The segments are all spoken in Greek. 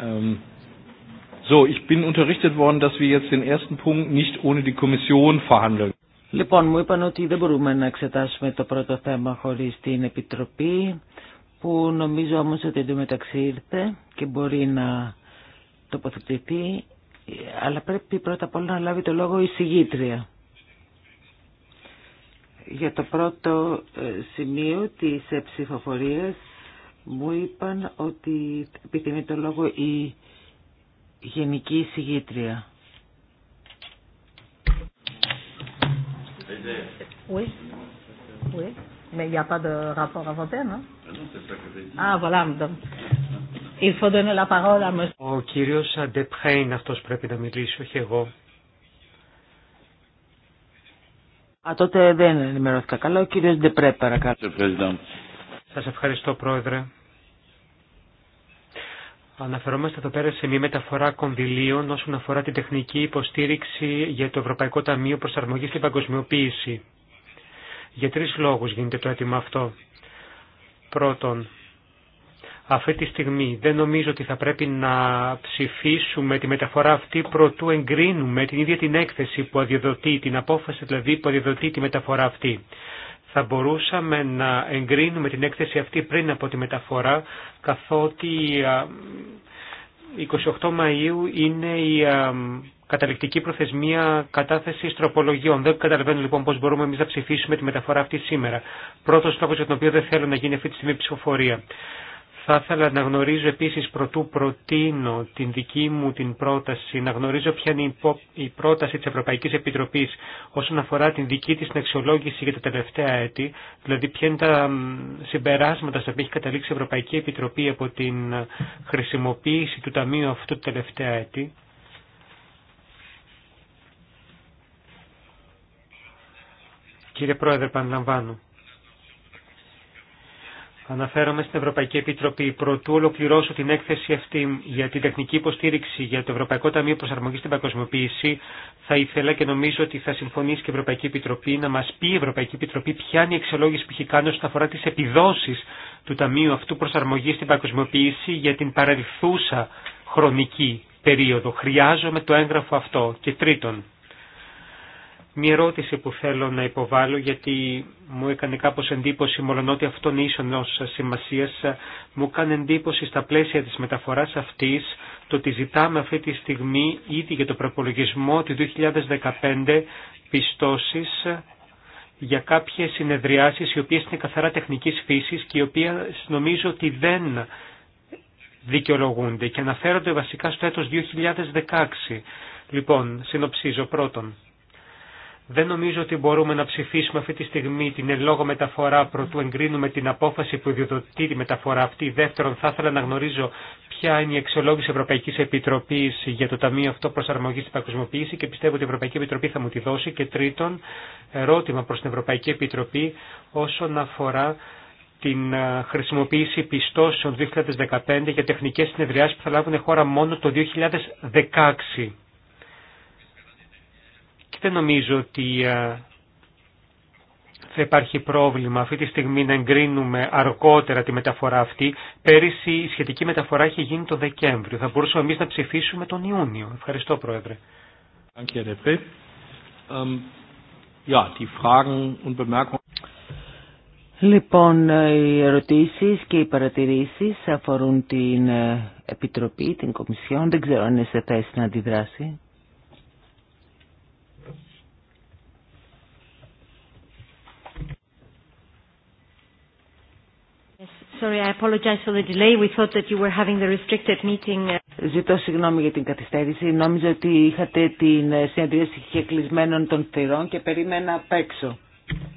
Ähm, so, ich bin unterrichtet worden, dass wir jetzt den ersten Punkt nicht ohne die Kommission verhandeln. Λοιπόν, μου είπαν ότι δεν μπορούμε να εξετάσουμε το πρώτο θέμα χωρίς την Επιτροπή, που νομίζω όμως ότι εντωμεταξύ ήρθε και μπορεί να τοποθετηθεί, αλλά πρέπει πρώτα απ' όλα να λάβει το λόγο η συγγήτρια. Για το πρώτο ε, σημείο της ε, ψηφοφορία μου είπαν ότι επιθυμεί το λόγο η Γενική Συγήτρια. Oui. Oui. Mais il n'y a pas de rapport à voter, non Ah, ah voilà. Donc, il faut donner la parole à monsieur. Ο κύριος Αντεπρέ είναι αυτός πρέπει να μιλήσει, όχι εγώ. Α, τότε δεν ενημερώθηκα καλά. Ο κύριος Ντεπρέ, παρακαλώ. Σας ευχαριστώ, Πρόεδρε. Αναφερόμαστε εδώ πέρα σε μια μεταφορά κονδυλίων όσον αφορά την τεχνική υποστήριξη για το Ευρωπαϊκό Ταμείο Προσαρμογής και Παγκοσμιοποίηση. Για τρεις λόγους γίνεται το αίτημα αυτό. Πρώτον, αυτή τη στιγμή δεν νομίζω ότι θα πρέπει να ψηφίσουμε τη μεταφορά αυτή προτού εγκρίνουμε την ίδια την έκθεση που αδειοδοτεί, την απόφαση δηλαδή που αδειοδοτεί τη μεταφορά αυτή θα μπορούσαμε να εγκρίνουμε την έκθεση αυτή πριν από τη μεταφορά, καθότι 28 Μαΐου είναι η καταληκτική προθεσμία κατάθεσης τροπολογιών. Δεν καταλαβαίνω λοιπόν πώς μπορούμε εμείς να ψηφίσουμε τη μεταφορά αυτή σήμερα. Πρώτος στόχος για τον οποίο δεν θέλω να γίνει αυτή τη στιγμή ψηφοφορία. Θα ήθελα να γνωρίζω επίσης προτού προτείνω την δική μου την πρόταση, να γνωρίζω ποια είναι η πρόταση της Ευρωπαϊκής Επιτροπής όσον αφορά την δική της αξιολόγηση για τα τελευταία έτη, δηλαδή ποια είναι τα συμπεράσματα στα οποία έχει καταλήξει η Ευρωπαϊκή Επιτροπή από την χρησιμοποίηση του Ταμείου αυτού τα τελευταία έτη. Κύριε Πρόεδρε, παραλαμβάνω. Αναφέρομαι στην Ευρωπαϊκή Επιτροπή. Προτού ολοκληρώσω την έκθεση αυτή για την τεχνική υποστήριξη για το Ευρωπαϊκό Ταμείο Προσαρμογή στην Παγκοσμιοποίηση, θα ήθελα και νομίζω ότι θα συμφωνήσει και η Ευρωπαϊκή Επιτροπή να μα πει η Ευρωπαϊκή Επιτροπή ποια είναι η εξολόγηση που έχει κάνει όσον αφορά τι επιδόσει του Ταμείου αυτού προσαρμογή στην Παγκοσμιοποίηση για την παρελθούσα χρονική περίοδο. Χρειάζομαι το έγγραφο αυτό. Και τρίτον, Μία ερώτηση που θέλω να υποβάλω γιατί μου έκανε κάπως εντύπωση μόλον ότι αυτό είναι ίσονος σημασίας μου κάνει εντύπωση στα πλαίσια της μεταφοράς αυτής το ότι ζητάμε αυτή τη στιγμή ήδη για το προπολογισμό του 2015 πιστώσεις για κάποιες συνεδριάσεις οι οποίες είναι καθαρά τεχνικής φύσης και οι οποίες νομίζω ότι δεν δικαιολογούνται και αναφέρονται βασικά στο έτος 2016. Λοιπόν, συνοψίζω πρώτον. Δεν νομίζω ότι μπορούμε να ψηφίσουμε αυτή τη στιγμή την ελόγω μεταφορά προτού εγκρίνουμε την απόφαση που ιδιοδοτεί τη μεταφορά αυτή. Δεύτερον, θα ήθελα να γνωρίζω ποια είναι η εξολόγηση Ευρωπαϊκή Επιτροπή για το Ταμείο αυτό προσαρμογή στην παγκοσμιοποίηση και πιστεύω ότι η Ευρωπαϊκή Επιτροπή θα μου τη δώσει. Και τρίτον, ερώτημα προ την Ευρωπαϊκή Επιτροπή όσον αφορά την ε, χρησιμοποίηση πιστώσεων 2015 για τεχνικέ συνεδριάσει που θα λάβουν χώρα μόνο το 2016 και δεν νομίζω ότι ε, θα υπάρχει πρόβλημα αυτή τη στιγμή να εγκρίνουμε αργότερα τη μεταφορά αυτή. Πέρυσι η σχετική μεταφορά είχε γίνει τον Δεκέμβριο. Θα μπορούσαμε εμείς να ψηφίσουμε τον Ιούνιο. Ευχαριστώ Πρόεδρε. Ähm, λοιπόν, οι ερωτήσεις και οι παρατηρήσεις αφορούν την ε, Επιτροπή, την Κομισιόν. Δεν ξέρω αν είναι σε θέση να αντιδράσει. Sorry, I apologize for the delay. We thought that you were having the restricted meeting. Uh. Ζητώ συγγνώμη για την καθυστέρηση. Νόμιζα ότι είχατε την ε, συνεδρίαση κλεισμένων των θυρών και περίμενα απ' έξω.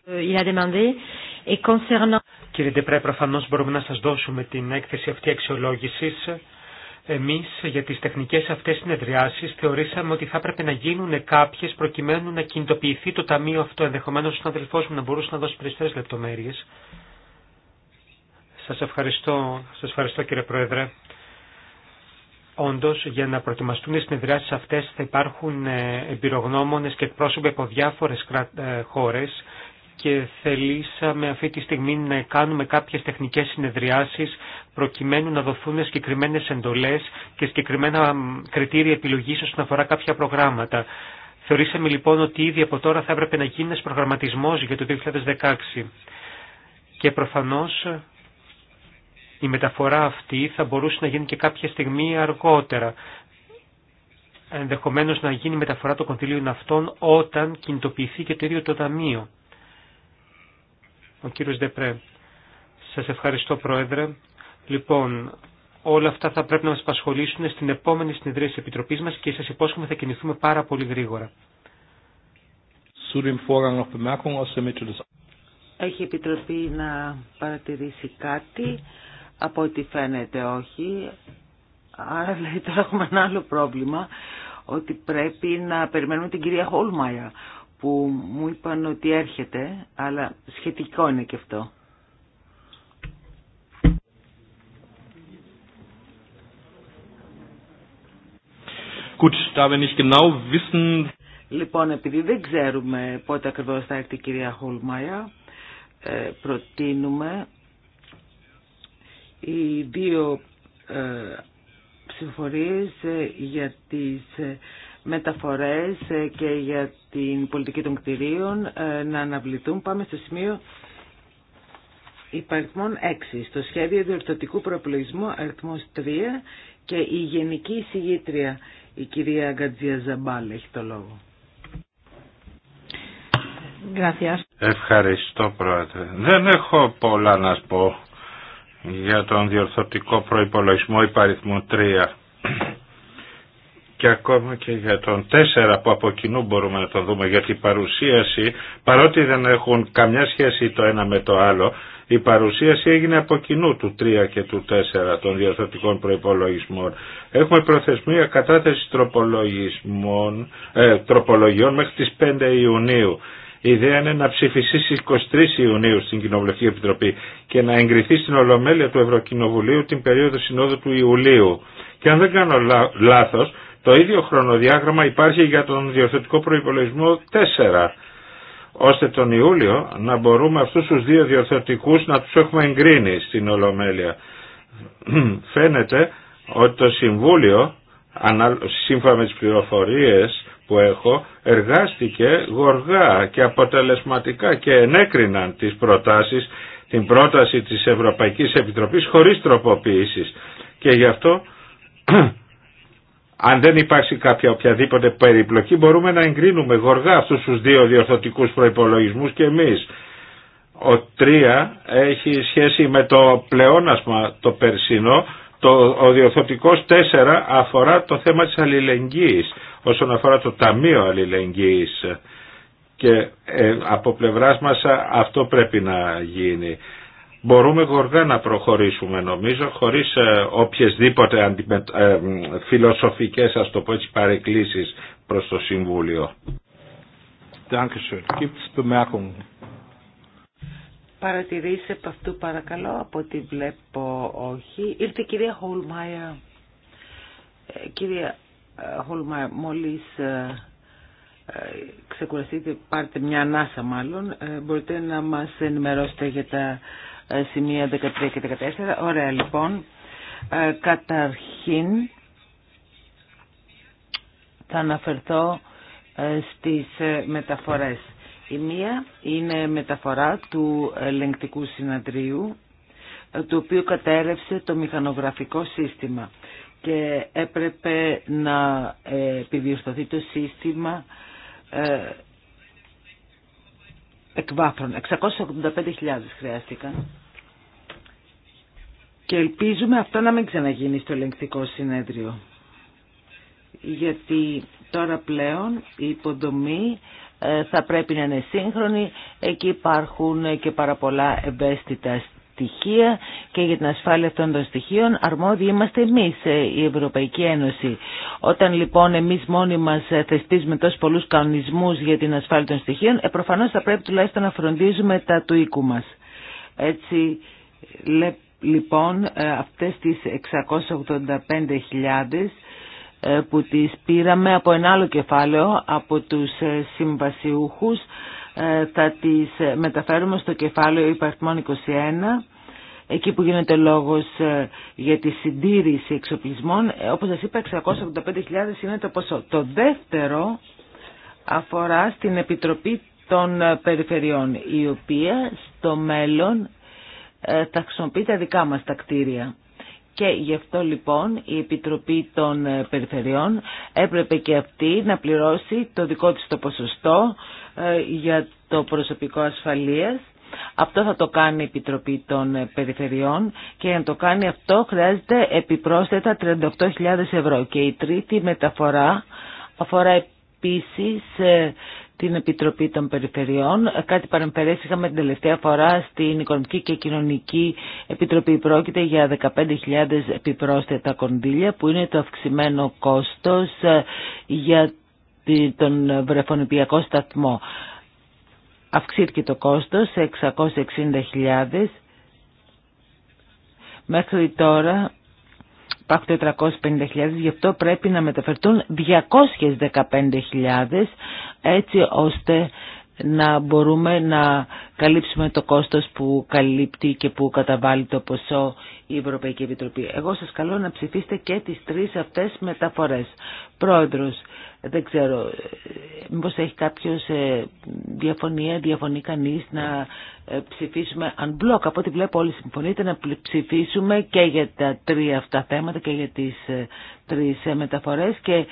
Ε, il a demandé. Et concernant... Κύριε Ντεπρέ, προφανώς μπορούμε να σας δώσουμε την έκθεση αυτή αξιολόγησης. Εμείς για τις τεχνικές αυτές συνεδριάσεις θεωρήσαμε ότι θα έπρεπε να γίνουν κάποιες προκειμένου να κινητοποιηθεί το ταμείο αυτό. Ενδεχομένως ο συναδελφός μου να μπορούσε να δώσει περισσότερες λεπτομέρειες. Σας ευχαριστώ, σας ευχαριστώ κύριε Πρόεδρε. Όντω, για να προετοιμαστούν οι συνεδριάσεις αυτές θα υπάρχουν ε, εμπειρογνώμονε και εκπρόσωποι από διάφορε ε, χώρε και θελήσαμε αυτή τη στιγμή να κάνουμε κάποιες τεχνικές συνεδριάσεις προκειμένου να δοθούν συγκεκριμένε εντολές και συγκεκριμένα κριτήρια επιλογής όσον αφορά κάποια προγράμματα. Θεωρήσαμε λοιπόν ότι ήδη από τώρα θα έπρεπε να γίνει ένας προγραμματισμός για το 2016 και προφανώς η μεταφορά αυτή θα μπορούσε να γίνει και κάποια στιγμή αργότερα. Ενδεχομένως να γίνει μεταφορά των κονδυλίων αυτών όταν κινητοποιηθεί και το ίδιο το Ταμείο. Ο κύριος Δεπρέ. Σας ευχαριστώ Πρόεδρε. Λοιπόν, όλα αυτά θα πρέπει να μας απασχολήσουν στην επόμενη συνεδρία της Επιτροπής μας και σας υπόσχομαι θα κινηθούμε πάρα πολύ γρήγορα. Έχει Επιτροπή να παρατηρήσει κάτι. Από ό,τι φαίνεται όχι. Άρα δηλαδή τώρα έχουμε ένα άλλο πρόβλημα ότι πρέπει να περιμένουμε την κυρία Χόλμαια που μου είπαν ότι έρχεται, αλλά σχετικό είναι και αυτό. Gut, da wir nicht genau wissen... Λοιπόν, επειδή δεν ξέρουμε πότε ακριβώς θα έρθει η κυρία Χολμάια, ε, προτείνουμε οι δύο ε, ψηφορίες ε, για τις ε, μεταφορές και για την πολιτική των κτηρίων να αναβληθούν. Πάμε στο σημείο υπαριθμών 6. Στο σχέδιο διορθωτικού προπολογισμού αριθμός 3 και η γενική συγγήτρια η κυρία Γκατζία Ζαμπάλ έχει το λόγο. Ευχαριστώ πρόεδρε. Δεν έχω πολλά να σπω. πω για τον διορθωτικό προϋπολογισμό υπαριθμού 3 και ακόμα και για τον 4 που από κοινού μπορούμε να το δούμε γιατί η παρουσίαση παρότι δεν έχουν καμιά σχέση το ένα με το άλλο η παρουσίαση έγινε από κοινού του 3 και του 4 των διορθωτικών προϋπολογισμών. Έχουμε προθεσμία κατάθεση τροπολογισμών, ε, τροπολογιών μέχρι τις 5 Ιουνίου η ιδέα είναι να ψηφιστεί στις 23 Ιουνίου στην Κοινοβουλευτική Επιτροπή και να εγκριθεί στην Ολομέλεια του Ευρωκοινοβουλίου την περίοδο συνόδου του Ιουλίου. Και αν δεν κάνω λάθος, το ίδιο χρονοδιάγραμμα υπάρχει για τον διορθωτικό προϋπολογισμό 4 ώστε τον Ιούλιο να μπορούμε αυτούς τους δύο διορθωτικούς να τους έχουμε εγκρίνει στην Ολομέλεια. Φαίνεται ότι το Συμβούλιο, σύμφωνα με τις πληροφορίες που έχω εργάστηκε γοργά και αποτελεσματικά και ενέκριναν τις προτάσεις, την πρόταση της Ευρωπαϊκής Επιτροπής χωρίς τροποποίησης Και γι' αυτό αν δεν υπάρξει κάποια οποιαδήποτε περιπλοκή μπορούμε να εγκρίνουμε γοργά αυτούς τους δύο διορθωτικούς προϋπολογισμούς και εμείς. Ο τρία έχει σχέση με το πλεόνασμα το περσινό, το, ο διορθωτικός 4 αφορά το θέμα της αλληλεγγύης όσον αφορά το Ταμείο Αλληλεγγύης και ε, από πλευράς μας αυτό πρέπει να γίνει. Μπορούμε γοργά να προχωρήσουμε νομίζω χωρίς ε, οποιασδήποτε ε, φιλοσοφικές ας το πω έτσι παρεκκλήσεις προς το Συμβούλιο. Παρατηρήσει από αυτού παρακαλώ, από ό,τι βλέπω όχι. Ήρθε η κυρία Χολμάια. Κυρία Χόλμα, μόλις ε, ε, ξεκουραστείτε, πάρτε μια ανάσα μάλλον, ε, μπορείτε να μας ενημερώσετε για τα σημεία 13 και 14. Ωραία λοιπόν. Καταρχήν θα αναφερθώ στις μεταφορές. Η μία είναι μεταφορά του ελεγκτικού συναντρίου, το οποίο κατέρευσε το μηχανογραφικό σύστημα και έπρεπε να ε, επιδιορθωθεί το σύστημα ε, εκβάθρων. 685.000 χρειάστηκαν. Και ελπίζουμε αυτό να μην ξαναγίνει στο ελεγκτικό συνέδριο. Γιατί τώρα πλέον η υποδομή ε, θα πρέπει να είναι σύγχρονη. Εκεί υπάρχουν και πάρα πολλά ευαίσθητα στοιχεία και για την ασφάλεια αυτών των στοιχείων αρμόδιοι είμαστε εμείς ε, η Ευρωπαϊκή Ένωση. Όταν λοιπόν εμείς μόνοι μας ε, θεσπίζουμε τόσο πολλούς κανονισμούς για την ασφάλεια των στοιχείων, ε, θα πρέπει τουλάχιστον να φροντίζουμε τα του οίκου μας. Έτσι λοιπόν ε, αυτές τις 685.000 που τις πήραμε από ένα άλλο κεφάλαιο από τους συμβασιούχους ε, θα τις ε, μεταφέρουμε στο κεφάλαιο υπαρθμών 21 εκεί που γίνεται λόγος ε, για τη συντήρηση εξοπλισμών, όπως σας είπα 685.000 είναι το ποσό. Το δεύτερο αφορά στην Επιτροπή των Περιφερειών, η οποία στο μέλλον θα χρησιμοποιεί τα δικά μας τα κτίρια. Και γι' αυτό λοιπόν η Επιτροπή των Περιφερειών έπρεπε και αυτή να πληρώσει το δικό της το ποσοστό ε, για το προσωπικό ασφαλείας. Αυτό θα το κάνει η Επιτροπή των Περιφερειών και να το κάνει αυτό χρειάζεται επιπρόσθετα 38.000 ευρώ. Και η τρίτη μεταφορά αφορά επίσης ε, την Επιτροπή των Περιφερειών. Κάτι παρεμφερές είχαμε την τελευταία φορά στην Οικονομική και Κοινωνική Επιτροπή. Πρόκειται για 15.000 επιπρόσθετα κονδύλια που είναι το αυξημένο κόστος ε, για τον βρεφονιπιακό σταθμό. Αυξήθηκε το κόστος σε 660.000. Μέχρι τώρα υπάρχουν 450.000, γι' αυτό πρέπει να μεταφερθούν 215.000 έτσι ώστε να μπορούμε να καλύψουμε το κόστος που καλύπτει και που καταβάλει το ποσό η Ευρωπαϊκή Επιτροπή. Εγώ σας καλώ να ψηφίσετε και τις τρεις αυτές μεταφορές. Πρόεδρος, δεν ξέρω, ε, μήπως έχει κάποιος ε, διαφωνία, διαφωνεί κανείς να ε, ψηφίσουμε unblock. Από ό,τι βλέπω όλοι συμφωνείτε να ψηφίσουμε και για τα τρία αυτά θέματα και για τις τρεις μεταφορές και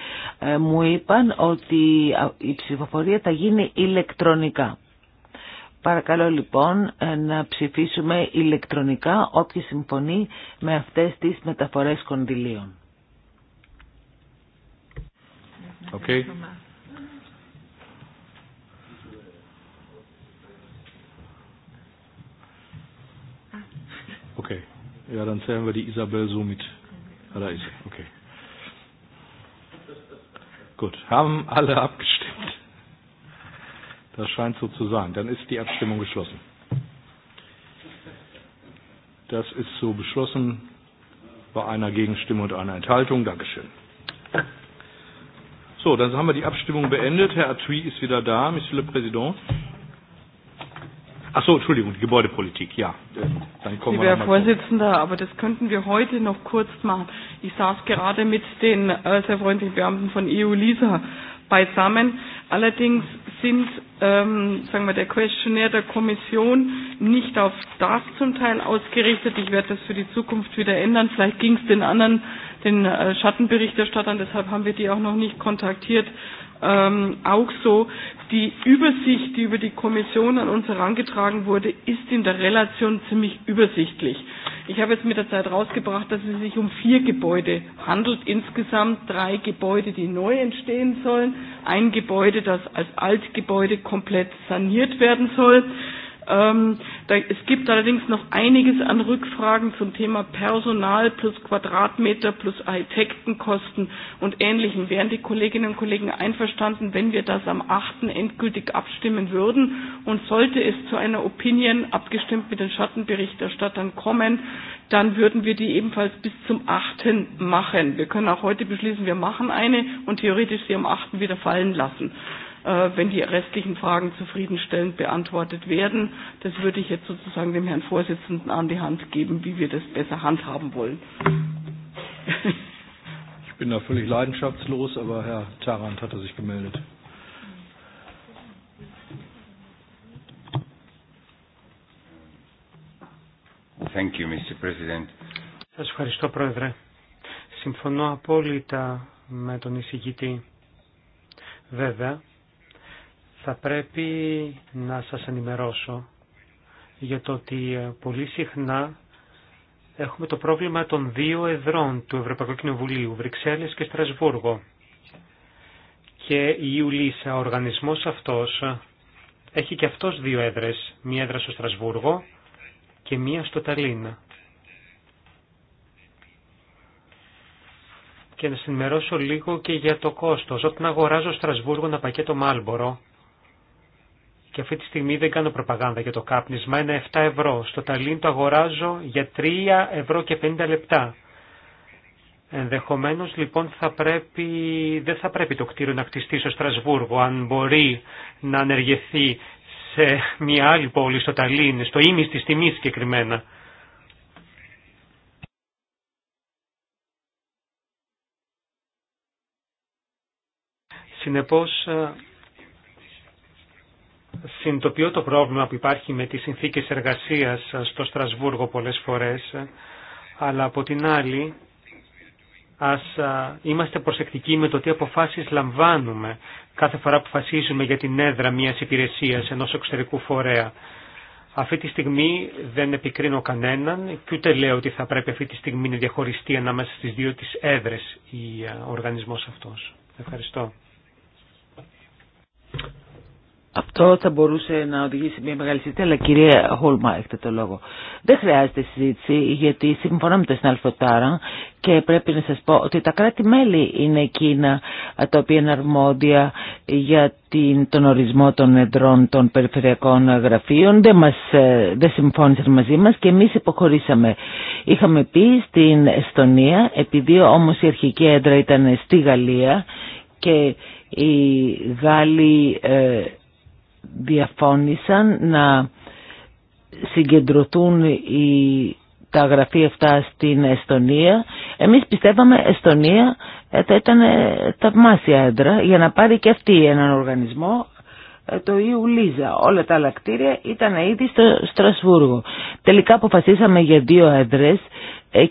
μου είπαν ότι η ψηφοφορία θα γίνει ηλεκτρονικά. Παρακαλώ λοιπόν ε, να ψηφίσουμε ηλεκτρονικά όποιοι συμφωνεί με αυτές τις μεταφορές κονδυλίων. Okay. Okay. Ja, dann zählen wir die Isabel so mit. Ah, Da ist sie. Okay. Gut. Haben alle abgestimmt. Das scheint so zu sein. Dann ist die Abstimmung geschlossen. Das ist so beschlossen bei einer Gegenstimme und einer Enthaltung. Dankeschön. So, dann haben wir die Abstimmung beendet. Herr Atui ist wieder da, Monsieur le Président. Ach so, Entschuldigung, die Gebäudepolitik, ja. Dann kommen Lieber wir Herr Vorsitzender, aber das könnten wir heute noch kurz machen. Ich saß gerade mit den sehr freundlichen Beamten von EU-LISA beisammen. Allerdings sind, ähm, sagen wir, der Questionnaire der Kommission nicht auf das zum Teil ausgerichtet. Ich werde das für die Zukunft wieder ändern. Vielleicht ging es den anderen, den Schattenberichterstattern, deshalb haben wir die auch noch nicht kontaktiert, ähm, auch so. Die Übersicht, die über die Kommission an uns herangetragen wurde, ist in der Relation ziemlich übersichtlich. Ich habe jetzt mit der Zeit rausgebracht, dass es sich um vier Gebäude handelt. Insgesamt drei Gebäude, die neu entstehen sollen. Ein Gebäude, das als Altgebäude komplett saniert werden soll. Da Es gibt allerdings noch einiges an Rückfragen zum Thema Personal plus Quadratmeter plus Architektenkosten und Ähnlichem. Wären die Kolleginnen und Kollegen einverstanden, wenn wir das am 8. endgültig abstimmen würden? Und sollte es zu einer Opinion, abgestimmt mit den Schattenberichterstattern, kommen, dann würden wir die ebenfalls bis zum 8. machen. Wir können auch heute beschließen, wir machen eine und theoretisch sie am 8. wieder fallen lassen wenn die restlichen Fragen zufriedenstellend beantwortet werden. Das würde ich jetzt sozusagen dem Herrn Vorsitzenden an die Hand geben, wie wir das besser handhaben wollen. Ich bin da völlig leidenschaftslos, aber Herr hat er sich gemeldet. Thank you, Mr. President. Σας ευχαριστώ, Πρόεδρε. Συμφωνώ απόλυτα με τον εισηγητή. Βέβαια, θα πρέπει να σας ενημερώσω για το ότι ε, πολύ συχνά έχουμε το πρόβλημα των δύο εδρών του Ευρωπαϊκού Κοινοβουλίου, Βρυξέλλες και Στρασβούργο. Και η Ιουλίσα, ο οργανισμός αυτός, έχει και αυτός δύο έδρες, μία έδρα στο Στρασβούργο και μία στο Ταλίνα. Και να συνημερώσω λίγο και για το κόστος. Όταν αγοράζω Στρασβούργο ένα πακέτο Μάλμπορο, και αυτή τη στιγμή δεν κάνω προπαγάνδα για το κάπνισμα, Είναι 7 ευρώ. Στο Ταλίν το αγοράζω για 3 ευρώ και 50 λεπτά. Ενδεχομένως λοιπόν θα πρέπει, δεν θα πρέπει το κτίριο να κτιστεί στο Στρασβούργο, αν μπορεί να ανεργεθεί σε μια άλλη πόλη στο Ταλίν, στο ίμις της τιμής συγκεκριμένα. Συνεπώς συνειδητοποιώ το πρόβλημα που υπάρχει με τις συνθήκες εργασίας στο Στρασβούργο πολλές φορές, αλλά από την άλλη είμαστε προσεκτικοί με το τι αποφάσεις λαμβάνουμε κάθε φορά που φασίζουμε για την έδρα μιας υπηρεσίας ενός εξωτερικού φορέα. Αυτή τη στιγμή δεν επικρίνω κανέναν και ούτε λέω ότι θα πρέπει αυτή τη στιγμή να διαχωριστεί ανάμεσα στις δύο τις έδρες ο οργανισμός αυτός. Ευχαριστώ. Αυτό θα μπορούσε να οδηγήσει μια μεγάλη συζήτηση, αλλά κυρία Χόλμα έχετε το λόγο. Δεν χρειάζεται συζήτηση γιατί συμφωνώ με τον συνάδελφο και πρέπει να σας πω ότι τα κράτη-μέλη είναι εκείνα τα οποία είναι αρμόδια για την, τον ορισμό των εντρών των περιφερειακών γραφείων. Δεν, μας, ε, συμφώνησαν μαζί μας και εμείς υποχωρήσαμε. Είχαμε πει στην Εστονία, επειδή όμως η αρχική έντρα ήταν στη Γαλλία και οι Γάλλοι ε, διαφώνησαν να συγκεντρωθούν οι, τα γραφεία αυτά στην Εστονία. Εμείς πιστεύαμε Εστονία ε, θα ήταν ε, θαυμάσια έντρα για να πάρει και αυτή έναν οργανισμό ε, το Ιουλίζα. Όλα τα άλλα κτίρια ήταν ήδη στο Στρασβούργο. Τελικά αποφασίσαμε για δύο έδρες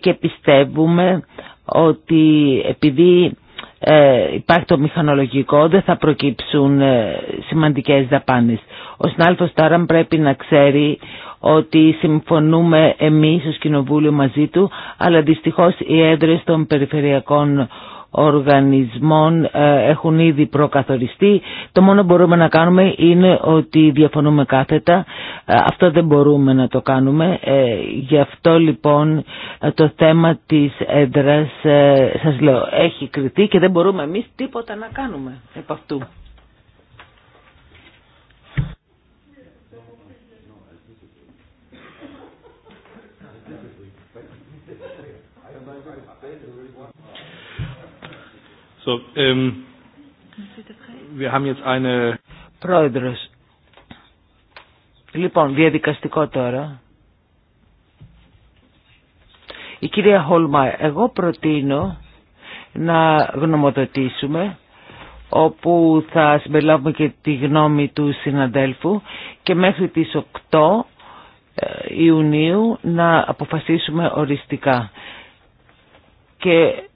και πιστεύουμε ότι επειδή ε, υπάρχει το μηχανολογικό, δεν θα προκύψουν ε, σημαντικές δαπάνες. Ο συνάλφος τώρα πρέπει να ξέρει ότι συμφωνούμε εμείς ως Κοινοβούλιο μαζί του, αλλά δυστυχώς οι έδρες των περιφερειακών οργανισμών ε, έχουν ήδη προκαθοριστεί. Το μόνο που μπορούμε να κάνουμε είναι ότι διαφωνούμε κάθετα. Ε, αυτό δεν μπορούμε να το κάνουμε. Ε, γι' αυτό λοιπόν το θέμα της έντρας σας λέω έχει κριθεί και δεν μπορούμε εμείς τίποτα να κάνουμε επ' αυτού. So, ähm, wir haben jetzt eine... Λοιπόν, διαδικαστικό τώρα. Η κυρία Χολμα, εγώ προτείνω να γνωμοδοτήσουμε όπου θα συμπεριλάβουμε και τη γνώμη του συναντέλφου και μέχρι τις 8 ε, Ιουνίου να αποφασίσουμε οριστικά. Και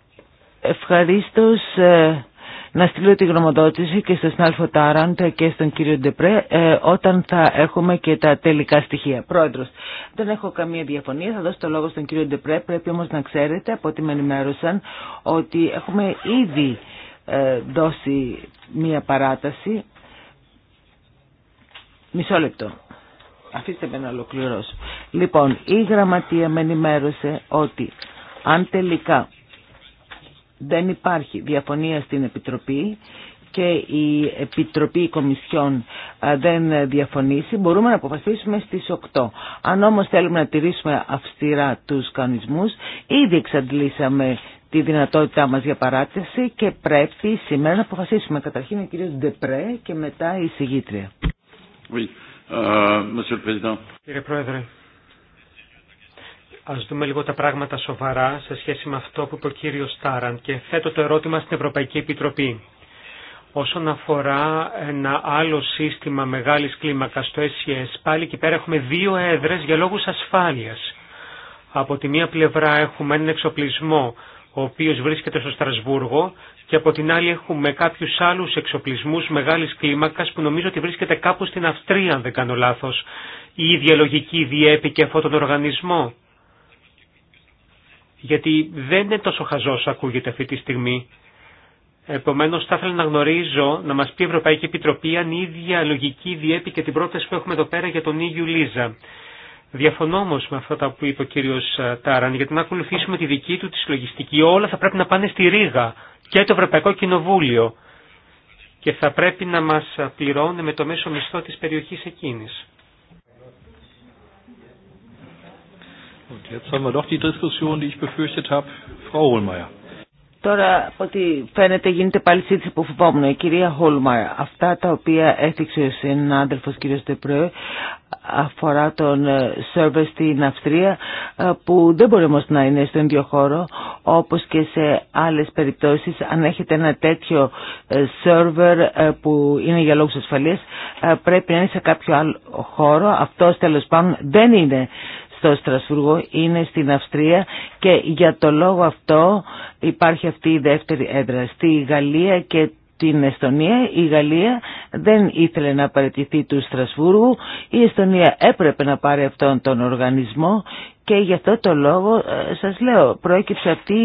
Ευχαριστώ ε, να στείλω τη γνωμοδότηση και στον Σνάλφο Τάραντα και στον κύριο Ντεπρέ ε, όταν θα έχουμε και τα τελικά στοιχεία. Πρόεδρος, δεν έχω καμία διαφωνία, θα δώσω το λόγο στον κύριο Ντεπρέ. Πρέπει όμως να ξέρετε, από ό,τι με ενημέρωσαν, ότι έχουμε ήδη ε, δώσει μία παράταση. Μισό λεπτό. Αφήστε με να ολοκληρώσω. Λοιπόν, η γραμματεία με ενημέρωσε ότι αν τελικά δεν υπάρχει διαφωνία στην Επιτροπή και η Επιτροπή Κομισιών ε, δεν διαφωνήσει, μπορούμε να αποφασίσουμε στις 8. Αν όμως θέλουμε να τηρήσουμε αυστηρά τους κανονισμούς, ήδη εξαντλήσαμε τη δυνατότητά μας για παράτηση και πρέπει σήμερα να αποφασίσουμε καταρχήν ο κ. Ντεπρέ και μετά η συγγήτρια. Oui. Euh, Κύριε Πρόεδρε, Ας δούμε λίγο τα πράγματα σοβαρά σε σχέση με αυτό που είπε ο κύριο Στάραν και θέτω το ερώτημα στην Ευρωπαϊκή Επιτροπή. Όσον αφορά ένα άλλο σύστημα μεγάλης κλίμακας, το SES, e πάλι εκεί πέρα έχουμε δύο έδρες για λόγους ασφάλειας. Από τη μία πλευρά έχουμε έναν εξοπλισμό ο οποίος βρίσκεται στο Στρασβούργο και από την άλλη έχουμε κάποιους άλλους εξοπλισμούς μεγάλης κλίμακας που νομίζω ότι βρίσκεται κάπου στην Αυστρία αν δεν κάνω λάθος. Η ίδια λογική διέπει και αυτόν τον οργανισμό γιατί δεν είναι τόσο χαζός ακούγεται αυτή τη στιγμή. Επομένω, θα ήθελα να γνωρίζω, να μα πει η Ευρωπαϊκή Επιτροπή αν η ίδια λογική διέπει και την πρόταση που έχουμε εδώ πέρα για τον ίδιο e Λίζα. Διαφωνώ όμω με αυτά που είπε ο κύριο ε, Τάραν, γιατί να ακολουθήσουμε τη δική του τη λογιστική. Όλα θα πρέπει να πάνε στη Ρήγα και το Ευρωπαϊκό Κοινοβούλιο. Και θα πρέπει να μα πληρώνουν με το μέσο μισθό τη περιοχή εκείνη. Und Τώρα, από ό,τι φαίνεται, γίνεται πάλι σύντηση που φοβόμουν. Η κυρία Χόλμαρ, αυτά τα οποία έθιξε ο συνάδελφος κ. Τεπρέ αφορά τον σερβερ στην Αυστρία, ε, που δεν μπορεί όμως να είναι στον ίδιο χώρο, όπως και σε άλλες περιπτώσεις, αν έχετε ένα τέτοιο σερβερ που είναι για λόγους ασφαλείας, ε, πρέπει να είναι σε κάποιο άλλο χώρο. Αυτό τέλος πάντων δεν είναι στο Στρασβούργο, είναι στην Αυστρία και για το λόγο αυτό υπάρχει αυτή η δεύτερη έδρα. Στη Γαλλία και την Εστονία, η Γαλλία δεν ήθελε να παραιτηθεί του Στρασβούργου, η Εστονία έπρεπε να πάρει αυτόν τον οργανισμό και γι' αυτό το λόγο ε, σας λέω προέκυψε αυτή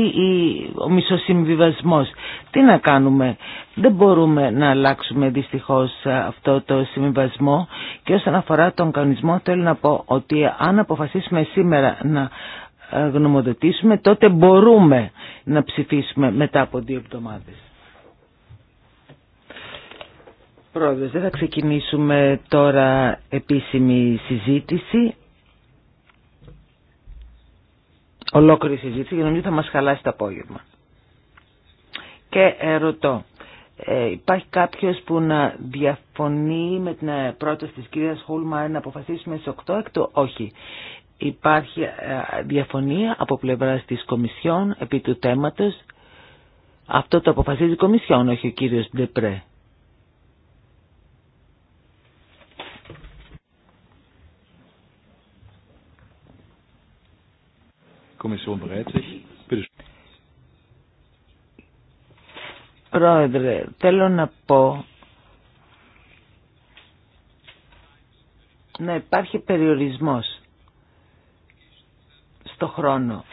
ο μισοσυμβιβασμός. Τι να κάνουμε, δεν μπορούμε να αλλάξουμε δυστυχώς ε, αυτό το συμβιβασμό και όσον αφορά τον κανονισμό θέλω να πω ότι αν αποφασίσουμε σήμερα να ε, γνωμοδοτήσουμε τότε μπορούμε να ψηφίσουμε μετά από δύο εβδομάδες. Πρόεδρος, δεν θα ξεκινήσουμε τώρα επίσημη συζήτηση. Ολόκληρη συζήτηση, γιατί νομίζω θα μας χαλάσει το απόγευμα. Και ε, ρωτώ, ε, υπάρχει κάποιος που να διαφωνεί με την ε, πρόταση της κυρίας Χούλμα να αποφασίσουμε στις 8 εκτό, όχι. Υπάρχει ε, διαφωνία από πλευράς της Κομισιόν επί του θέματος. Αυτό το αποφασίζει η Κομισιόν, όχι ο κύριος Ντεπρέ. Kommission berät Πρόεδρε, θέλω να πω να υπάρχει περιορισμός στο χρόνο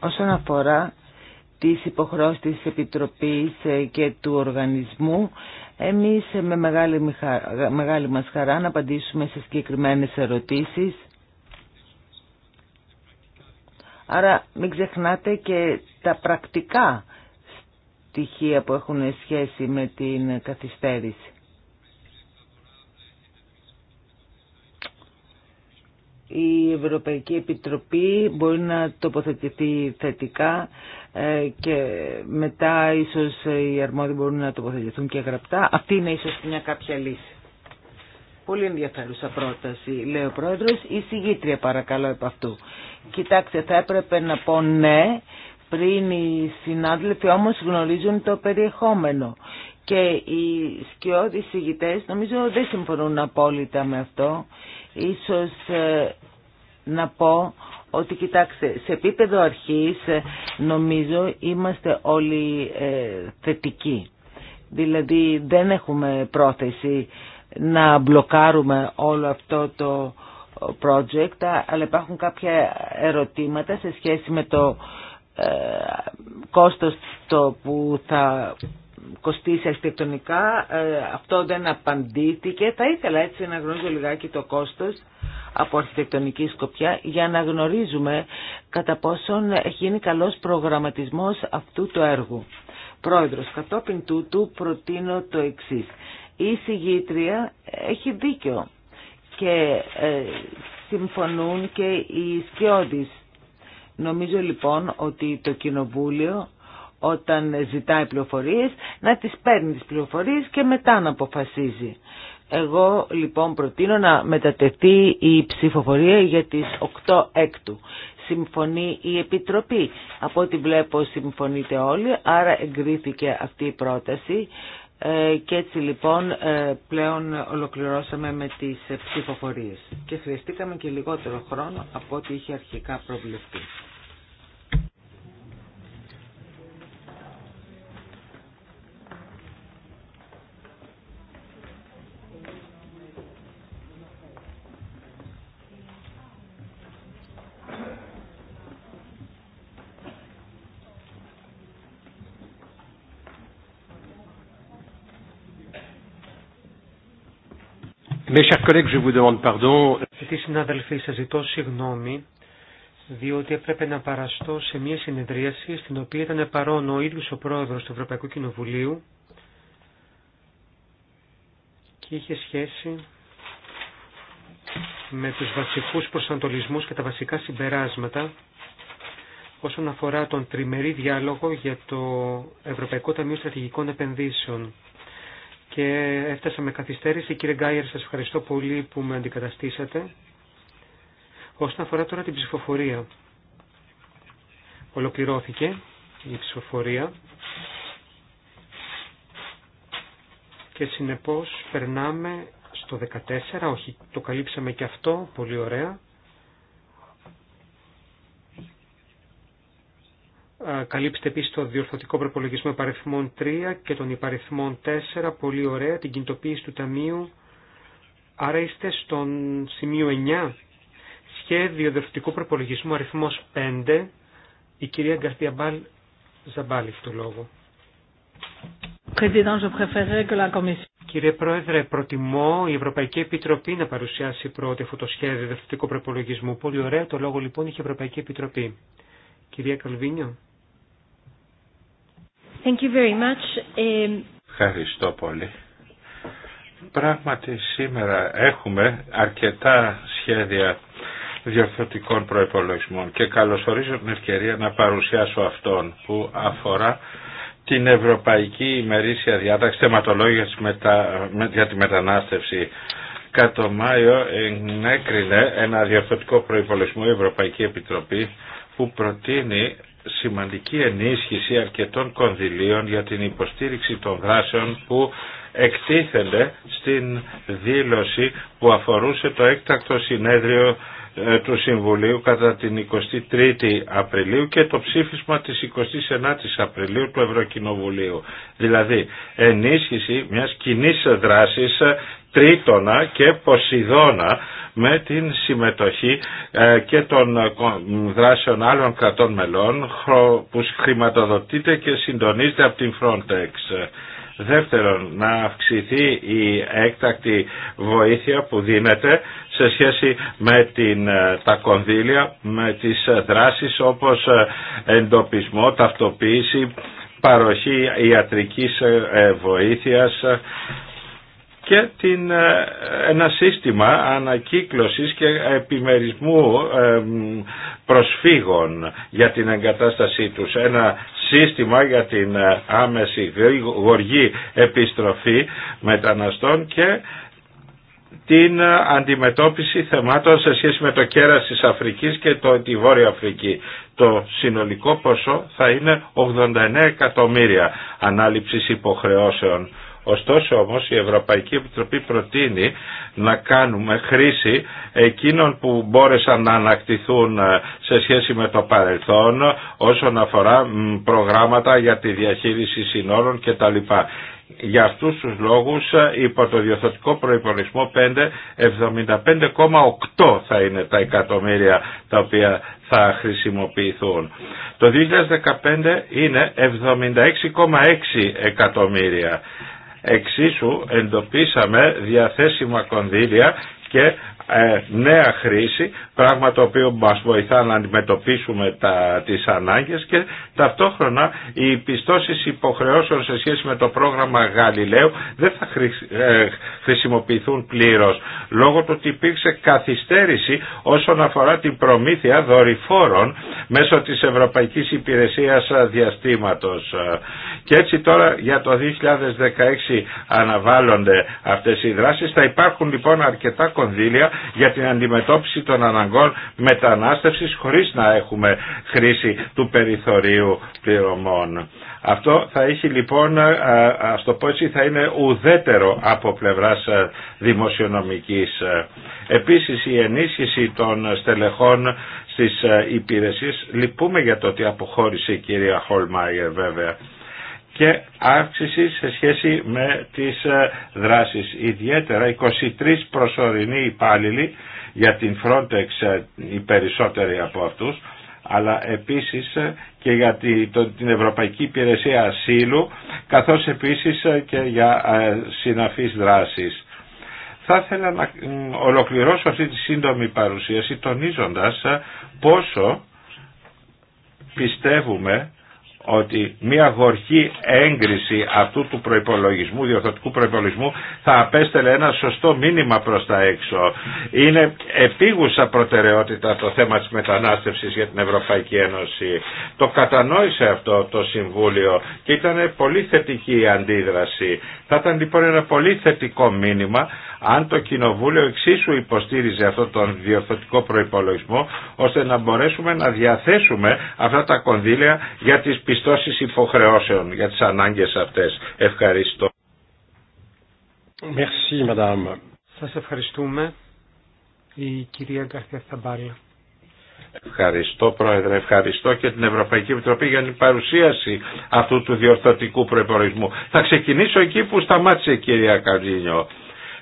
όσον αφορά τις υποχρεώσεις της Επιτροπής ε, και του οργανισμού εμείς ε, με μεγάλη, μεγάλη μας χαρά να απαντήσουμε σε συγκεκριμένες ερωτήσεις Άρα μην ξεχνάτε και τα πρακτικά στοιχεία που έχουν σχέση με την καθυστέρηση. η Ευρωπαϊκή Επιτροπή μπορεί να τοποθετηθεί θετικά ε, και μετά ίσως οι αρμόδιοι μπορούν να τοποθετηθούν και γραπτά. Αυτή είναι ίσως μια κάποια λύση. Πολύ ενδιαφέρουσα πρόταση, λέει ο Πρόεδρος. Η συγγήτρια παρακαλώ επ' αυτού. Κοιτάξτε, θα έπρεπε να πω ναι, πριν οι συνάδελφοι όμως γνωρίζουν το περιεχόμενο. Και οι σκιώδεις συγγητές νομίζω δεν συμφωνούν απόλυτα με αυτό. Ίσως ε, να πω ότι κοιτάξτε, σε επίπεδο αρχής ε, νομίζω είμαστε όλοι ε, θετικοί. Δηλαδή δεν έχουμε πρόθεση να μπλοκάρουμε όλο αυτό το project, αλλά υπάρχουν κάποια ερωτήματα σε σχέση με το ε, κόστος το που θα κοστίσει αρχιτεκτονικά. Ε, αυτό δεν απαντήθηκε. Θα ήθελα έτσι να γνωρίζω λιγάκι το κόστος από αρχιτεκτονική σκοπιά για να γνωρίζουμε κατά πόσον έχει γίνει καλός προγραμματισμός αυτού του έργου. Πρόεδρος, κατόπιν τούτου προτείνω το εξής η συγγήτρια έχει δίκιο και ε, συμφωνούν και οι σκιώδεις. Νομίζω λοιπόν ότι το Κοινοβούλιο όταν ζητάει πληροφορίες να τις παίρνει τις πληροφορίες και μετά να αποφασίζει. Εγώ λοιπόν προτείνω να μετατεθεί η ψηφοφορία για τις 8 έκτου. Συμφωνεί η Επιτροπή. Από ό,τι βλέπω συμφωνείτε όλοι, άρα εγκρίθηκε αυτή η πρόταση. Ε, και έτσι λοιπόν ε, πλέον ολοκληρώσαμε με τις ψηφοφορίες και χρειαστήκαμε και λιγότερο χρόνο από ό,τι είχε αρχικά προβληθεί. Mes chers collègues, συνάδελφοι, σα ζητώ συγγνώμη, διότι έπρεπε να παραστώ σε μια συνεδρίαση στην οποία ήταν παρόν ο ίδιο ο πρόεδρο του Ευρωπαϊκού Κοινοβουλίου και είχε σχέση με του βασικού προσανατολισμούς και τα βασικά συμπεράσματα όσον αφορά τον τριμερή διάλογο για το Ευρωπαϊκό Ταμείο Στρατηγικών Επενδύσεων και έφτασα με καθυστέρηση. Κύριε Γκάιερ, σας ευχαριστώ πολύ που με αντικαταστήσατε. Όσον αφορά τώρα την ψηφοφορία, ολοκληρώθηκε η ψηφοφορία και συνεπώς περνάμε στο 14, όχι το καλύψαμε και αυτό, πολύ ωραία. Καλύψτε επίσης το διορθωτικό προπολογισμό υπαριθμών 3 και των υπαριθμών 4, πολύ ωραία, την κινητοποίηση του Ταμείου. Άρα είστε στο σημείο 9, σχέδιο διορθωτικού προπολογισμού αριθμός 5, η κυρία Γκαρτία Μπάλ Ζαμπάλη το λόγο. Κύριε Πρόεδρε, προτιμώ η Ευρωπαϊκή Επιτροπή να παρουσιάσει πρώτη αυτό το σχέδιο διορθωτικού προπολογισμού. Πολύ ωραία, το λόγο λοιπόν είχε η Ευρωπαϊκή Επιτροπή. Κυρία Καλβίνιο. Thank you very much. Ευχαριστώ πολύ. Πράγματι σήμερα έχουμε αρκετά σχέδια διορθωτικών προϋπολογισμών και καλωσορίζω την ευκαιρία να παρουσιάσω αυτόν που αφορά την Ευρωπαϊκή Μερίσια διάταξη θεματολόγια για τη μετανάστευση. Κατά Μάιο ενέκρινε ένα διορθωτικό προϋπολογισμό η Ευρωπαϊκή Επιτροπή που προτείνει σημαντική ενίσχυση αρκετών κονδυλίων για την υποστήριξη των δράσεων που εκτίθενται στην δήλωση που αφορούσε το έκτακτο συνέδριο ε, του Συμβουλίου κατά την 23η Απριλίου και το ψήφισμα της 29ης Απριλίου του Ευρωκοινοβουλίου. Δηλαδή ενίσχυση μιας κοινή δράσης Τρίτονα και Ποσειδώνα με την συμμετοχή ε, και των ε, δράσεων άλλων κρατών μελών που χρηματοδοτείται και συντονίζεται από την Frontex. Δεύτερον, να αυξηθεί η έκτακτη βοήθεια που δίνεται σε σχέση με την, ε, τα κονδύλια, με τις δράσεις όπως εντοπισμό, ταυτοποίηση, παροχή ιατρικής βοήθειας και την, ε, ένα σύστημα ανακύκλωσης και επιμερισμού ε, προσφύγων για την εγκατάστασή τους. Ένα σύστημα για την ε, άμεση γοργή επιστροφή μεταναστών και την αντιμετώπιση θεμάτων σε σχέση με το κέρας της Αφρικής και το, τη Βόρεια Αφρική. Το συνολικό ποσό θα είναι 89 εκατομμύρια ανάληψης υποχρεώσεων Ωστόσο όμως η Ευρωπαϊκή Επιτροπή προτείνει να κάνουμε χρήση εκείνων που μπόρεσαν να ανακτηθούν ε, σε σχέση με το παρελθόν όσον αφορά προγράμματα για τη διαχείριση συνόρων κτλ. Για αυτούς τους λόγους ε, υπό το διορθωτικό προϋπονισμό 5, 75,8 θα είναι τα εκατομμύρια τα οποία θα χρησιμοποιηθούν. Το 2015 είναι 76,6 εκατομμύρια. Εξίσου εντοπίσαμε διαθέσιμα κονδύλια και ε, νέα χρήση, πράγμα το οποίο μας βοηθά να αντιμετωπίσουμε τα, τις ανάγκες και Ταυτόχρονα οι πιστώσεις υποχρεώσεων σε σχέση με το πρόγραμμα Γαλιλαίου δεν θα ε, χρησιμοποιηθούν πλήρω. λόγω του ότι υπήρξε καθυστέρηση όσον αφορά την προμήθεια δορυφόρων μέσω τη Ευρωπαϊκή Υπηρεσία Διαστήματος. Και έτσι τώρα για το 2016 αναβάλλονται αυτέ οι δράσει. Θα υπάρχουν λοιπόν αρκετά κονδύλια για την αντιμετώπιση των αναγκών μετανάστευση χωρίς να έχουμε χρήση του περιθωρίου πληρωμών. Αυτό θα έχει λοιπόν, ε, ε, α το θα είναι ουδέτερο από πλευράς ε, δημοσιονομικής. Επίσης η ενίσχυση των στελεχών στις υπηρεσίες, λυπούμε για το ότι αποχώρησε η κυρία Χολμάγερ βέβαια και αύξηση σε σχέση με τις δράσεις. Ιδιαίτερα 23 προσωρινοί υπάλληλοι για την Frontex οι περισσότεροι από αυτούς αλλά επίσης και για την Ευρωπαϊκή Υπηρεσία Ασύλου, καθώς επίσης και για ε, συναφείς δράσεις. Θα ήθελα να ολοκληρώσω αυτή τη σύντομη παρουσίαση τονίζοντας ε, πόσο πιστεύουμε ότι μια γορχή έγκριση αυτού του προϋπολογισμού, διορθωτικού προϋπολογισμού θα απέστελε ένα σωστό μήνυμα προς τα έξω. Είναι επίγουσα προτεραιότητα το θέμα της μετανάστευσης για την Ευρωπαϊκή Ένωση. Το κατανόησε αυτό το Συμβούλιο και ήταν πολύ θετική η αντίδραση. Θα ήταν λοιπόν ένα πολύ θετικό μήνυμα αν το Κοινοβούλιο εξίσου υποστήριζε αυτό τον διορθωτικό προϋπολογισμό ώστε να μπορέσουμε να διαθέσουμε αυτά τα κονδύλια για τις πιστώσεις υποχρεώσεων για τις ανάγκες αυτές. Ευχαριστώ. Merci, madame. Σας ευχαριστούμε. Η κυρία Γκαρθιά Θαμπάλια. Ευχαριστώ Πρόεδρε, ευχαριστώ και την Ευρωπαϊκή Επιτροπή για την παρουσίαση αυτού του διορθωτικού προπολογισμού. Θα ξεκινήσω εκεί που σταμάτησε κυρία Καρδίνιο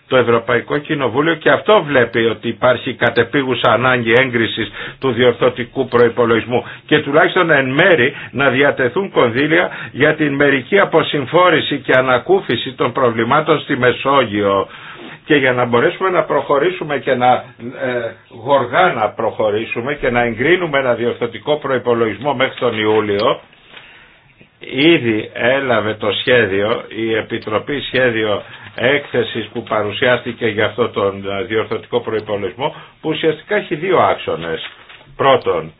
το Ευρωπαϊκό Κοινοβούλιο και αυτό βλέπει ότι υπάρχει κατεπίγουσα ανάγκη έγκρισης του διορθωτικού προϋπολογισμού και τουλάχιστον εν μέρη να διατεθούν κονδύλια για την μερική αποσυμφόρηση και ανακούφιση των προβλημάτων στη Μεσόγειο και για να μπορέσουμε να προχωρήσουμε και να ε, γοργά να προχωρήσουμε και να εγκρίνουμε ένα διορθωτικό προϋπολογισμό μέχρι τον Ιούλιο ήδη έλαβε το σχέδιο, η Επιτροπή σχέδιο έκθεσης που παρουσιάστηκε για αυτό τον ε, διορθωτικό προϋπολογισμό που ουσιαστικά έχει δύο άξονες. Πρώτον,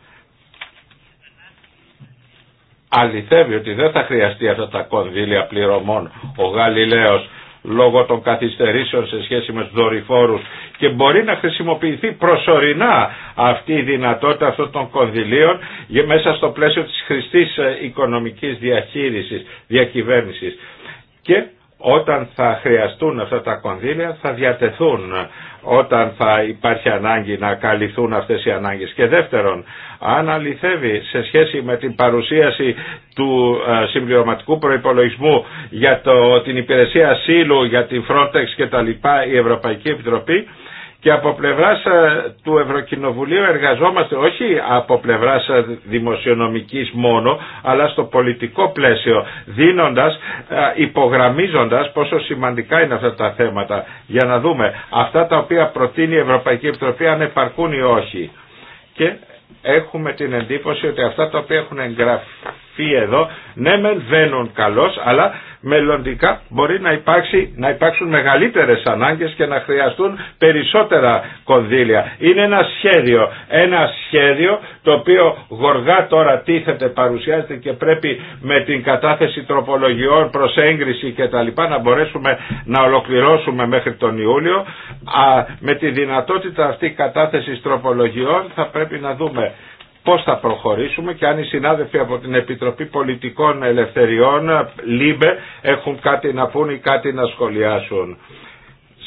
αληθεύει ότι δεν θα χρειαστεί αυτά τα κονδύλια πληρωμών ο Γαλιλαίος λόγω των καθυστερήσεων σε σχέση με τους δορυφόρους και μπορεί να χρησιμοποιηθεί προσωρινά αυτή η δυνατότητα αυτών των κονδυλίων μέσα στο πλαίσιο της χρηστής ε, οικονομικής διαχείρισης, διακυβέρνησης. Και όταν θα χρειαστούν αυτά τα κονδύλια θα διατεθούν όταν θα υπάρχει ανάγκη να καλυφθούν αυτές οι ανάγκες. Και δεύτερον, αν αληθεύει σε σχέση με την παρουσίαση του ε, συμπληρωματικού προϋπολογισμού για την υπηρεσία ασύλου, για την Frontex και τα λοιπά η Ευρωπαϊκή Επιτροπή, και από πλευρά ε, του Ευρωκοινοβουλίου εργαζόμαστε όχι από πλευρά ε, δημοσιονομική μόνο, αλλά στο πολιτικό πλαίσιο, δίνοντα, ε, υπογραμμίζοντας πόσο σημαντικά είναι αυτά τα θέματα, για να δούμε αυτά τα οποία προτείνει η Ευρωπαϊκή Επιτροπή αν επαρκούν ή όχι. Και έχουμε την εντύπωση ότι αυτά τα οποία έχουν εγγραφεί εδώ, ναι μεν βαίνουν καλώ, αλλά μελλοντικά μπορεί να, υπάρξει, να υπάρξουν μεγαλύτερες ανάγκες και να χρειαστούν περισσότερα κονδύλια. Είναι ένα σχέδιο, ένα σχέδιο το οποίο γοργά τώρα τίθεται, παρουσιάζεται και πρέπει με την κατάθεση τροπολογιών προς έγκριση και τα λοιπά να μπορέσουμε να ολοκληρώσουμε μέχρι τον Ιούλιο. με τη δυνατότητα αυτή κατάθεσης τροπολογιών θα πρέπει να δούμε πώς θα προχωρήσουμε και αν οι συνάδελφοι από την Επιτροπή Πολιτικών Ελευθεριών, ΛΥΜΕ, έχουν κάτι να πούν ή κάτι να σχολιάσουν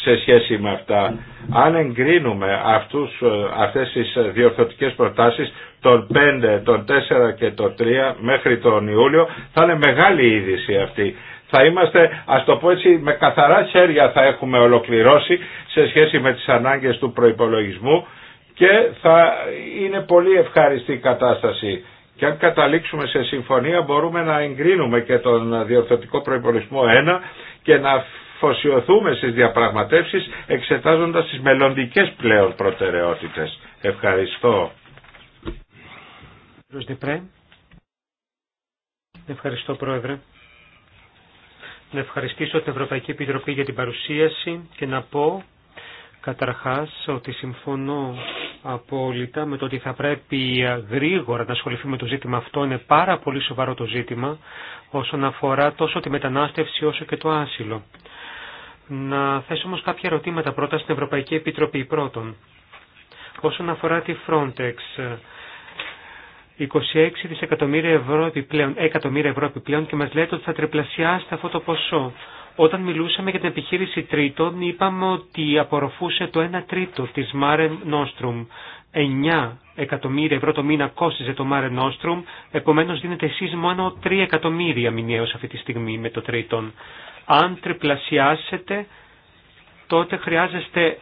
σε σχέση με αυτά. Αν εγκρίνουμε αυτούς, ε, αυτές τις διορθωτικές προτάσεις, τον 5, τον 4 και τον 3 μέχρι τον Ιούλιο, θα είναι μεγάλη είδηση αυτή. Θα είμαστε, ας το πω έτσι, με καθαρά χέρια θα έχουμε ολοκληρώσει σε σχέση με τις ανάγκες του προϋπολογισμού και θα είναι πολύ ευχάριστη η κατάσταση. Και αν καταλήξουμε σε συμφωνία μπορούμε να εγκρίνουμε και τον διορθωτικό προϋπολογισμό 1 και να φωσιωθούμε στις διαπραγματεύσεις εξετάζοντας τις μελλοντικές πλέον προτεραιότητες. Ευχαριστώ. Ευχαριστώ Πρόεδρε. Να ευχαριστήσω την Ευρωπαϊκή Επιτροπή για την παρουσίαση και να πω Καταρχάς ότι συμφωνώ απόλυτα με το ότι θα πρέπει γρήγορα να ασχοληθεί με το ζήτημα αυτό. Είναι πάρα πολύ σοβαρό το ζήτημα όσον αφορά τόσο τη μετανάστευση όσο και το άσυλο. Να θέσω όμως κάποια ερωτήματα πρώτα στην Ευρωπαϊκή Επιτροπή πρώτον. Όσον αφορά τη Frontex, 26 δισεκατομμύρια ευρώ επιπλέον, εκατομμύρια ευρώ επιπλέον και μας λέτε ότι θα τριπλασιάσετε αυτό το ποσό. Όταν μιλούσαμε για την επιχείρηση τρίτων, είπαμε ότι απορροφούσε το 1 τρίτο της Mare Nostrum. 9 εκατομμύρια ευρώ το μήνα κόστιζε το Mare Nostrum, επομένως δίνετε εσείς μόνο 3 εκατομμύρια μηνιαίως αυτή τη στιγμή με το τρίτον. Αν τριπλασιάσετε, τότε χρειάζεστε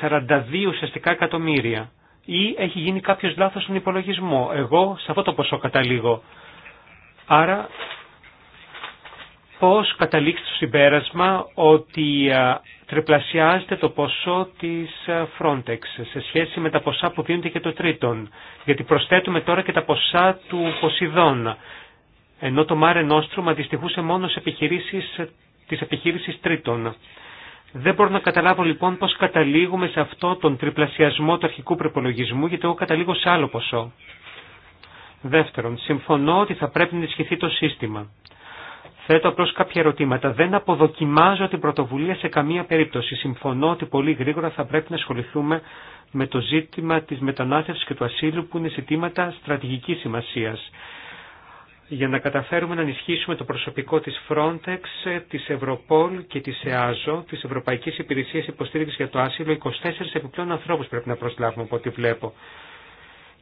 42 ουσιαστικά εκατομμύρια. Ή έχει γίνει κάποιος λάθος στον υπολογισμό. Εγώ σε αυτό το ποσό καταλήγω. Άρα πώς καταλήξει στο συμπέρασμα ότι τριπλασιάζεται το ποσό της Frontex σε σχέση με τα ποσά που δίνονται και το τρίτον. Γιατί προσθέτουμε τώρα και τα ποσά του Ποσειδών. Ενώ το Mare Nostrum αντιστοιχούσε μόνο σε επιχειρήσεις, ε, της επιχείρησης τρίτων. Δεν μπορώ να καταλάβω λοιπόν πώς καταλήγουμε σε αυτό τον τριπλασιασμό του αρχικού προπολογισμού, γιατί εγώ καταλήγω σε άλλο ποσό. Δεύτερον, συμφωνώ ότι θα πρέπει να ενισχυθεί το σύστημα. Θέτω απλώ κάποια ερωτήματα. Δεν αποδοκιμάζω την πρωτοβουλία σε καμία περίπτωση. Συμφωνώ ότι πολύ γρήγορα θα πρέπει να ασχοληθούμε με το ζήτημα τη μετανάστευση και του ασύλου που είναι ζητήματα στρατηγική σημασία. Για να καταφέρουμε να ενισχύσουμε το προσωπικό της Frontex, της Ευρωπόλ και της ΕΑΖΟ, της Ευρωπαϊκής Υπηρεσίας Υποστήριξης για το Άσυλο, 24 επιπλέον ανθρώπους πρέπει να προσλάβουμε από ό,τι βλέπω.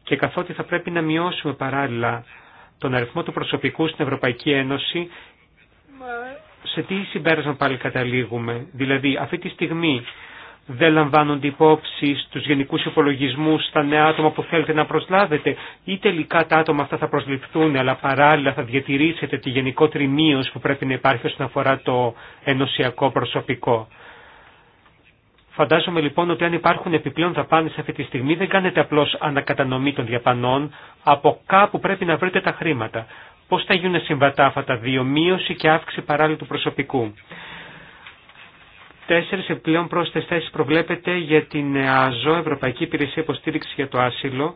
Και καθότι θα πρέπει να μειώσουμε παράλληλα τον αριθμό του προσωπικού στην Ευρωπαϊκή Ένωση σε τι συμπέρασμα πάλι καταλήγουμε. Δηλαδή, αυτή τη στιγμή δεν λαμβάνονται υπόψη στου γενικούς υπολογισμούς στα νέα άτομα που θέλετε να προσλάβετε, ή τελικά τα άτομα αυτά θα προσληφθούν, αλλά παράλληλα θα διατηρήσετε τη γενικότερη μείωση που πρέπει να υπάρχει όσον αφορά το ενωσιακό προσωπικό. Φαντάζομαι λοιπόν ότι αν υπάρχουν επιπλέον δαπάνε αυτή τη στιγμή δεν κάνετε απλώ ανακατανομή των διαπανών, από κάπου πρέπει να βρείτε τα χρήματα πώς θα γίνουν συμβατά αυτά τα δύο, μείωση και αύξηση παράλληλου του προσωπικού. Τέσσερι επιπλέον πρόσθετε θέσει προβλέπεται για την ΑΖΟ, Ευρωπαϊκή Υπηρεσία Υποστήριξη για το Άσυλο.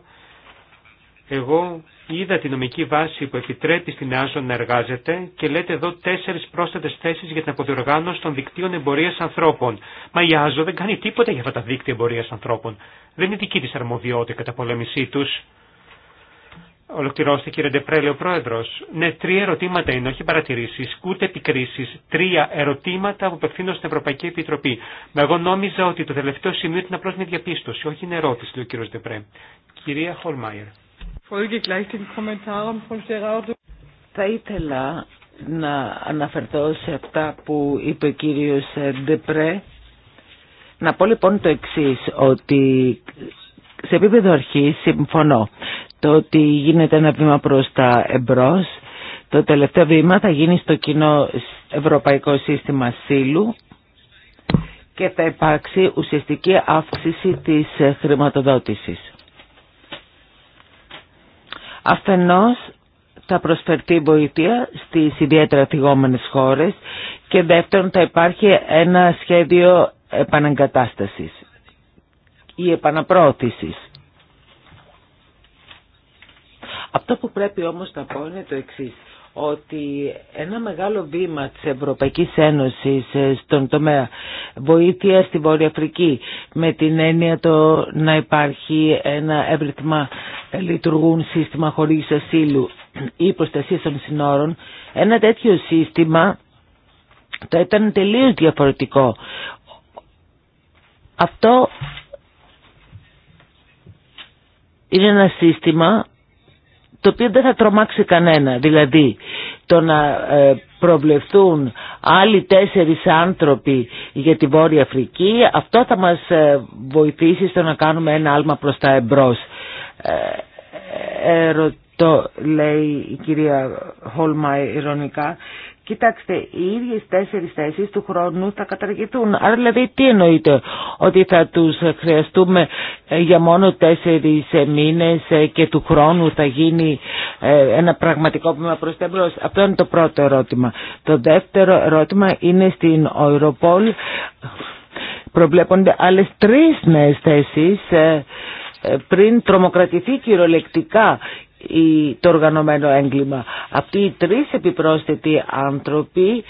Εγώ είδα τη νομική βάση που επιτρέπει στην ΑΖΟ να εργάζεται και λέτε εδώ τέσσερι πρόσθετε θέσει για την αποδιοργάνωση των δικτύων εμπορία ανθρώπων. Μα η ΑΖΟ δεν κάνει τίποτα για αυτά τα δίκτυα εμπορία ανθρώπων. Δεν είναι δική τη αρμοδιότητα κατά πολέμησή του. Ολοκληρώστε κύριε λέει ο Πρόεδρος. Ναι, τρία ερωτήματα είναι, όχι παρατηρήσεις, ούτε επικρίσει. Τρία ερωτήματα που απευθύνω στην Ευρωπαϊκή Επιτροπή. Μα εγώ νόμιζα ότι το τελευταίο σημείο ήταν απλώ μια διαπίστωση, όχι είναι ερώτηση, λέει ο κύριο Ντεπρέ. Κυρία Χολμάιερ. Θα ήθελα να αναφερθώ σε αυτά που είπε ο κύριο Ντεπρέ. Να πω λοιπόν το εξή ότι σε επίπεδο αρχή συμφωνώ το ότι γίνεται ένα βήμα προς τα εμπρός. Το τελευταίο βήμα θα γίνει στο κοινό Ευρωπαϊκό Σύστημα ΣΥΛΟΥ και θα υπάρξει ουσιαστική αύξηση της χρηματοδότησης. Αφενός θα προσφερθεί βοήθεια στις ιδιαίτερα θυγόμενες χώρες και δεύτερον θα υπάρχει ένα σχέδιο επαναγκατάστασης ή επαναπρόθεσης. Αυτό που πρέπει όμως να πω είναι το εξής ότι ένα μεγάλο βήμα της Ευρωπαϊκής Ένωσης ε, στον τομέα βοήθεια στη Βόρεια Αφρική με την έννοια το να υπάρχει ένα εύρυθμα ε, λειτουργούν σύστημα χωρίς ασύλου ή προστασία των συνόρων ένα τέτοιο σύστημα θα ήταν τελείως διαφορετικό αυτό είναι ένα σύστημα το οποίο δεν θα τρομάξει κανένα. Δηλαδή το να ε, προβλεφθούν άλλοι τέσσερις άνθρωποι για τη Βόρεια Αφρική, αυτό θα μας ε, βοηθήσει στο να κάνουμε ένα άλμα προς τα εμπρός. Ε, ερωτώ, λέει η κυρία Χόλμα ηρωνικά, Κοιτάξτε, οι ίδιε τέσσερι θέσει του χρόνου θα καταργηθούν. Άρα δηλαδή τι εννοείται ότι θα τους χρειαστούμε ε, για μόνο τέσσερις ε, μήνες ε, και του χρόνου θα γίνει ένα πραγματικό βήμα προς τα Αυτό είναι το πρώτο ερώτημα. Το δεύτερο ερώτημα είναι στην Europol. Προβλέπονται άλλες τρεις νέες θέσεις πριν τρομοκρατηθεί κυριολεκτικά το οργανωμένο έγκλημα. Αυτοί οι τρεις επιπρόσθετοι άνθρωποι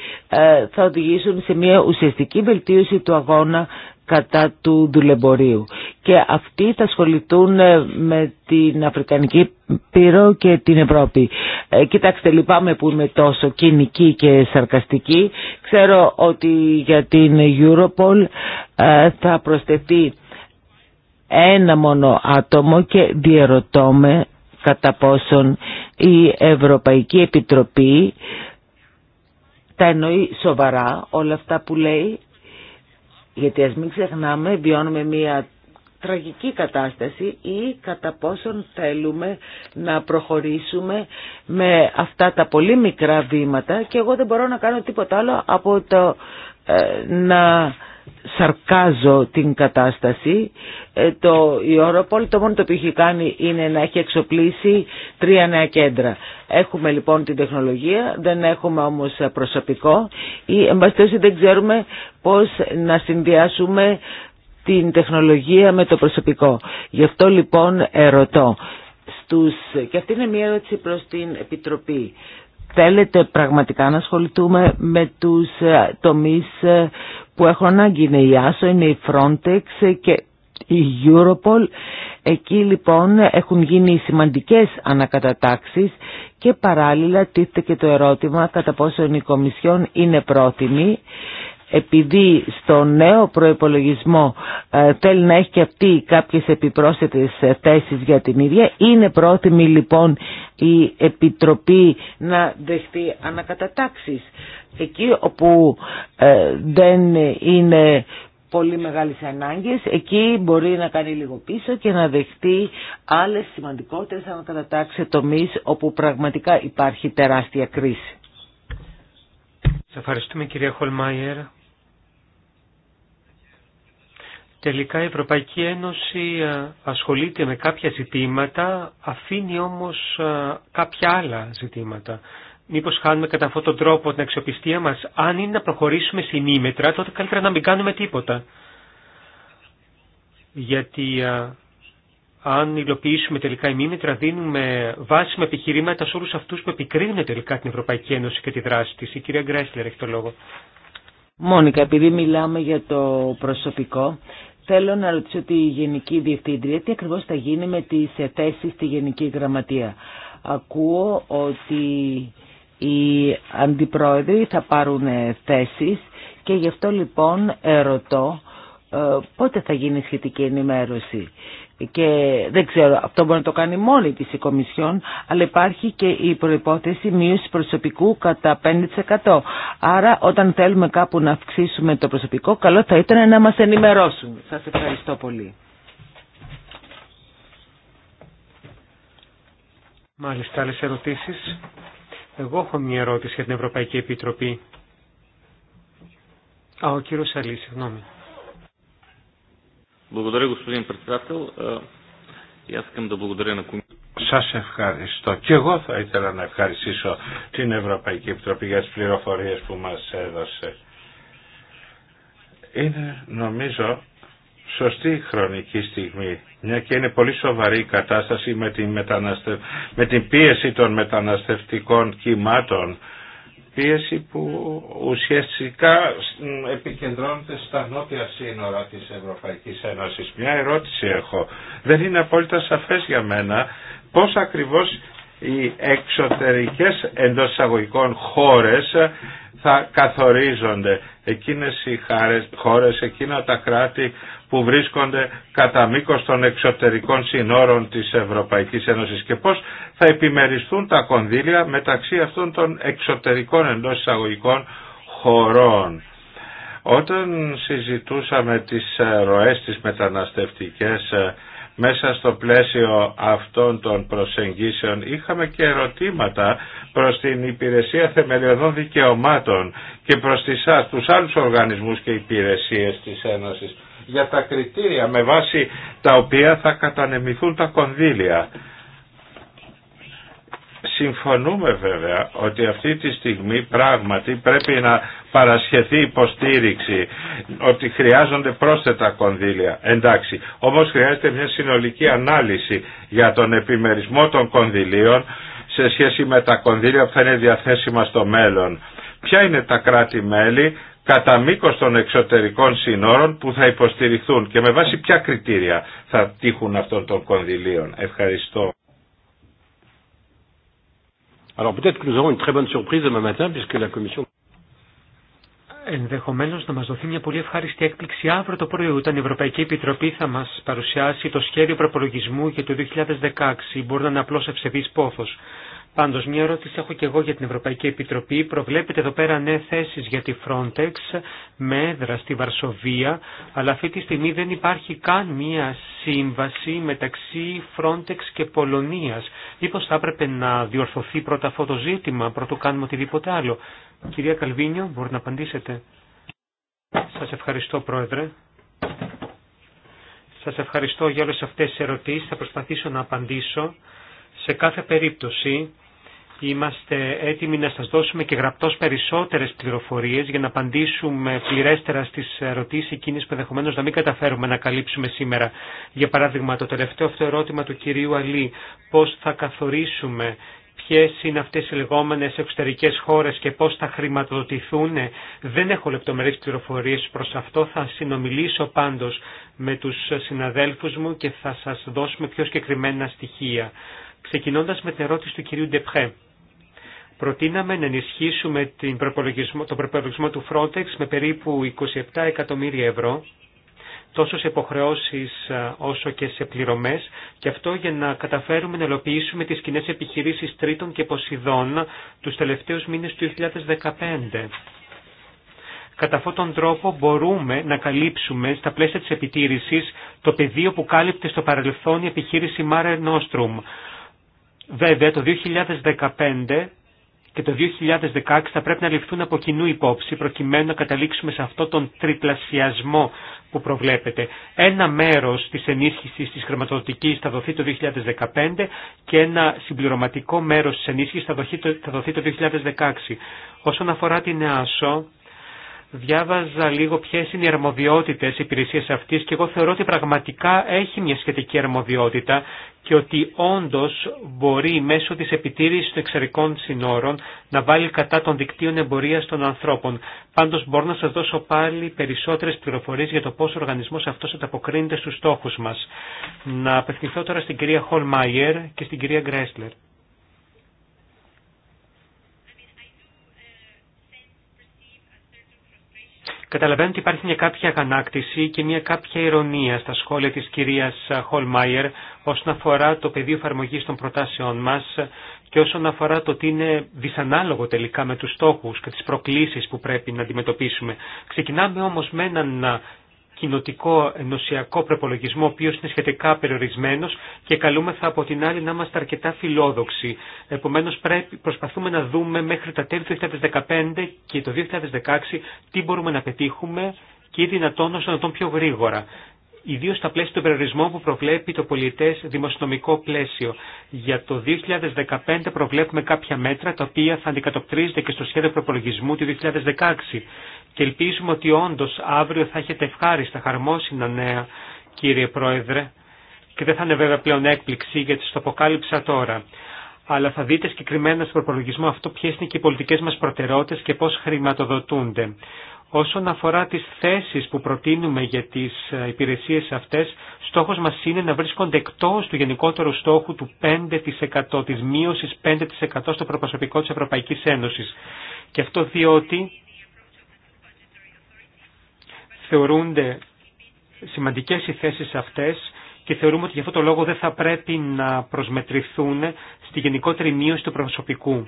θα οδηγήσουν σε μια ουσιαστική βελτίωση του αγώνα κατά του δουλεμπορίου. Και αυτοί θα ασχοληθούν ε, με την Αφρικανική Πύρο και την Ευρώπη. Ε, κοιτάξτε, λυπάμαι που είμαι τόσο κοινική και σαρκαστική. Ξέρω ότι για την Europol ε, θα προσθεθεί ένα μόνο άτομο και διαρωτώ με κατά πόσον η Ευρωπαϊκή Επιτροπή τα εννοεί σοβαρά όλα αυτά που λέει γιατί ας μην ξεχνάμε, βιώνουμε μία τραγική κατάσταση ή κατά πόσον θέλουμε να προχωρήσουμε με αυτά τα πολύ μικρά βήματα και εγώ δεν μπορώ να κάνω τίποτα άλλο από το ε, να σαρκάζω την κατάσταση. Ε, το, η Europol το μόνο το οποίο έχει κάνει είναι να έχει εξοπλίσει τρία νέα κέντρα. Έχουμε λοιπόν την τεχνολογία, δεν έχουμε όμως προσωπικό ή εμπαστέως δεν ξέρουμε πώς να συνδυάσουμε την τεχνολογία με το προσωπικό. Γι' αυτό λοιπόν ερωτώ. Στους, και αυτή είναι μια ερώτηση προς την Επιτροπή. Θέλετε πραγματικά να ασχοληθούμε με τους ε, τομείς ε, που έχουν ανάγκη είναι η Άσο, είναι η Frontex και η Europol. Εκεί λοιπόν έχουν γίνει σημαντικές ανακατατάξεις και παράλληλα τίθεται και το ερώτημα κατά πόσο η Κομισιόν είναι πρόθυμη επειδή στο νέο προϋπολογισμό ε, θέλει να έχει και αυτή κάποιες επιπρόσθετες ε, θέσεις για την ίδια, είναι πρόθυμη λοιπόν η Επιτροπή να δεχτεί ανακατατάξεις. Εκεί όπου ε, δεν είναι πολύ μεγάλες ανάγκες, εκεί μπορεί να κάνει λίγο πίσω και να δεχτεί άλλες σημαντικότερες ανακατατάξεις τομείς όπου πραγματικά υπάρχει τεράστια κρίση. Σας ευχαριστούμε κυρία Χολμάιερ. Τελικά η Ευρωπαϊκή Ένωση ε, ασχολείται με κάποια ζητήματα, αφήνει όμως ε, κάποια άλλα ζητήματα. Μήπως χάνουμε κατά αυτόν τον τρόπο την αξιοπιστία μας. Αν είναι να προχωρήσουμε συνήμετρα, τότε καλύτερα να μην κάνουμε τίποτα. Γιατί α, αν υλοποιήσουμε τελικά η ημίμετρα, δίνουμε βάση με επιχειρήματα σε όλους αυτούς που επικρίνουν τελικά την Ευρωπαϊκή Ένωση και τη δράση της. Η κυρία Γκρέσλερ έχει το λόγο. Μόνικα, επειδή μιλάμε για το προσωπικό, θέλω να ρωτήσω τη Γενική Διευθύντρια τι ακριβώς θα γίνει με τις θέσεις στη Γενική Γραμματεία. Ακούω ότι οι αντιπρόεδροι θα πάρουν ε, θέσεις και γι' αυτό λοιπόν ερωτώ ε, πότε θα γίνει σχετική ενημέρωση. Και δεν ξέρω, αυτό μπορεί να το κάνει μόνη της η Κομισιόν, αλλά υπάρχει και η προϋπόθεση μείωση προσωπικού κατά 5%. Άρα όταν θέλουμε κάπου να αυξήσουμε το προσωπικό, καλό θα ήταν να μας ενημερώσουν. Σας ευχαριστώ πολύ. Μάλιστα, άλλες ερωτήσεις. Εγώ έχω μια ερώτηση για την Ευρωπαϊκή Επιτροπή. Α, ο κύριος Αλή, συγγνώμη. Σας ευχαριστώ. Και εγώ θα ήθελα να ευχαριστήσω την Ευρωπαϊκή Επιτροπή για τις πληροφορίες που μας έδωσε. Είναι νομίζω σωστή χρονική στιγμή, μια και είναι πολύ σοβαρή η κατάσταση με την, με την πίεση των μεταναστευτικών κυμάτων, πίεση που ουσιαστικά επικεντρώνεται στα νότια σύνορα της Ευρωπαϊκής Ένωσης. Μια ερώτηση έχω. Δεν είναι απόλυτα σαφές για μένα πώς ακριβώς οι εξωτερικές εντός εισαγωγικών χώρες θα καθορίζονται εκείνες οι χώρες, εκείνα τα κράτη που βρίσκονται κατά μήκος των εξωτερικών συνόρων της Ευρωπαϊκής Ένωσης και πώς θα επιμεριστούν τα κονδύλια μεταξύ αυτών των εξωτερικών εντός εισαγωγικών χωρών. Όταν συζητούσαμε τις ροές τις μεταναστευτικές μέσα στο πλαίσιο αυτών των προσεγγίσεων είχαμε και ερωτήματα προς την Υπηρεσία Θεμελιωδών Δικαιωμάτων και προς τις, τους άλλους οργανισμούς και υπηρεσίες της Ένωσης για τα κριτήρια με βάση τα οποία θα κατανεμηθούν τα κονδύλια Συμφωνούμε βέβαια ότι αυτή τη στιγμή πράγματι πρέπει να παρασχεθεί υποστήριξη, ότι χρειάζονται πρόσθετα κονδύλια. Εντάξει, όμως χρειάζεται μια συνολική ανάλυση για τον επιμερισμό των κονδυλίων σε σχέση με τα κονδύλια που θα είναι διαθέσιμα στο μέλλον. Ποια είναι τα κράτη-μέλη κατά μήκος των εξωτερικών συνόρων που θα υποστηριχθούν και με βάση ποια κριτήρια θα τύχουν αυτών των κονδυλίων. Ευχαριστώ. Alors Ενδεχομένω να μα δοθεί μια πολύ ευχάριστη έκπληξη αύριο το πρωί, όταν η Ευρωπαϊκή Επιτροπή θα μα παρουσιάσει το σχέδιο προπολογισμού για το 2016. Μπορεί να είναι απλώ ευσεβή πόθο. Πάντως, μια ερώτηση έχω και εγώ για την Ευρωπαϊκή Επιτροπή. Προβλέπετε εδώ πέρα νέες θέσεις για τη Frontex με έδρα στη Βαρσοβία, αλλά αυτή τη στιγμή δεν υπάρχει καν μια σύμβαση μεταξύ Frontex και Πολωνίας. Μήπως θα έπρεπε να διορθωθεί πρώτα αυτό το ζήτημα, πρώτο κάνουμε οτιδήποτε άλλο. Κυρία Καλβίνιο, μπορείτε να απαντήσετε. Σας ευχαριστώ, Πρόεδρε. Σας ευχαριστώ για όλες αυτές τις ερωτήσεις. Θα προσπαθήσω να απαντήσω. Σε κάθε περίπτωση Είμαστε έτοιμοι να σας δώσουμε και γραπτώς περισσότερες πληροφορίες για να απαντήσουμε πληρέστερα στις ερωτήσεις εκείνες που ενδεχομένω να μην καταφέρουμε να καλύψουμε σήμερα. Για παράδειγμα, το τελευταίο αυτό ερώτημα του κυρίου Αλή, πώς θα καθορίσουμε ποιε είναι αυτέ οι λεγόμενε εξωτερικέ χώρε και πώ θα χρηματοδοτηθούν. Δεν έχω λεπτομερεί πληροφορίε προ αυτό. Θα συνομιλήσω πάντω με του συναδέλφου μου και θα σα δώσουμε πιο συγκεκριμένα στοιχεία. Ξεκινώντα με την ερώτηση του κυρίου Ντεπχέ προτείναμε να ενισχύσουμε την προπολογισμό, τον προπολογισμό του Frontex με περίπου 27 εκατομμύρια ευρώ, τόσο σε υποχρεώσει όσο και σε πληρωμές, και αυτό για να καταφέρουμε να ελοποιήσουμε τις κοινέ επιχειρήσεις Τρίτων και Ποσειδών τους τελευταίους μήνες του 2015. Κατά αυτόν τον τρόπο μπορούμε να καλύψουμε στα πλαίσια της επιτήρησης το πεδίο που κάλυπτε στο παρελθόν η επιχείρηση Mare Nostrum. Βέβαια το 2015 και το 2016 θα πρέπει να ληφθούν από κοινού υπόψη προκειμένου να καταλήξουμε σε αυτό τον τριπλασιασμό που προβλέπεται. Ένα μέρος της ενίσχυσης της χρηματοδοτικής θα δοθεί το 2015 και ένα συμπληρωματικό μέρος της ενίσχυσης θα δοθεί το, 2016. Όσον αφορά την ΕΑΣΟ, διάβαζα λίγο ποιε είναι οι αρμοδιότητε τη υπηρεσία αυτή και εγώ θεωρώ ότι πραγματικά έχει μια σχετική αρμοδιότητα και ότι όντω μπορεί μέσω τη επιτήρηση των εξωτερικών συνόρων να βάλει κατά των δικτύων εμπορία των ανθρώπων. Πάντω μπορώ να σα δώσω πάλι περισσότερε πληροφορίε για το πώ ο οργανισμό αυτό ανταποκρίνεται στου στόχου μα. Να απευθυνθώ τώρα στην κυρία Χολμάιερ και στην κυρία Γκρέσλερ. Καταλαβαίνω ότι υπάρχει μια κάποια αγανάκτηση και μια κάποια ηρωνία στα σχόλια της κυρίας Χολμάιερ όσον αφορά το πεδίο εφαρμογή των προτάσεών μας και όσον αφορά το ότι είναι δυσανάλογο τελικά με τους στόχους και τις προκλήσεις που πρέπει να αντιμετωπίσουμε. Ξεκινάμε όμως με έναν κοινοτικό ενωσιακό προπολογισμό, ο οποίο είναι σχετικά περιορισμένο και καλούμεθα από την άλλη να είμαστε αρκετά φιλόδοξοι. Επομένω, προσπαθούμε να δούμε μέχρι τα τέλη του 2015 και το 2016 τι μπορούμε να πετύχουμε και δυνατόν όσο να τον πιο γρήγορα ιδίω στα πλαίσια του περιορισμού που προβλέπει το πολιτέ δημοσιονομικό πλαίσιο. Για το 2015 προβλέπουμε κάποια μέτρα τα οποία θα αντικατοπτρίζονται και στο σχέδιο προπολογισμού του 2016 και ελπίζουμε ότι όντως αύριο θα έχετε ευχάριστα χαρμόσυνα νέα, κύριε Πρόεδρε, και δεν θα είναι βέβαια πλέον έκπληξη γιατί στο αποκάλυψα τώρα. Αλλά θα δείτε συγκεκριμένα στον προπολογισμό αυτό ποιε είναι και οι πολιτικέ μα προτεραιότητε και πώ χρηματοδοτούνται. Όσον αφορά τις θέσεις που προτείνουμε για τις ε, υπηρεσίες αυτές, στόχος μας είναι να βρίσκονται εκτός του γενικότερου στόχου του 5%, της μείωσης 5% στο προπροσωπικό της Ευρωπαϊκής Ένωσης. Και αυτό διότι θεωρούνται σημαντικές οι θέσεις αυτές και θεωρούμε ότι γι' αυτό το λόγο δεν θα πρέπει να προσμετρηθούν στη γενικότερη μείωση του προσωπικού.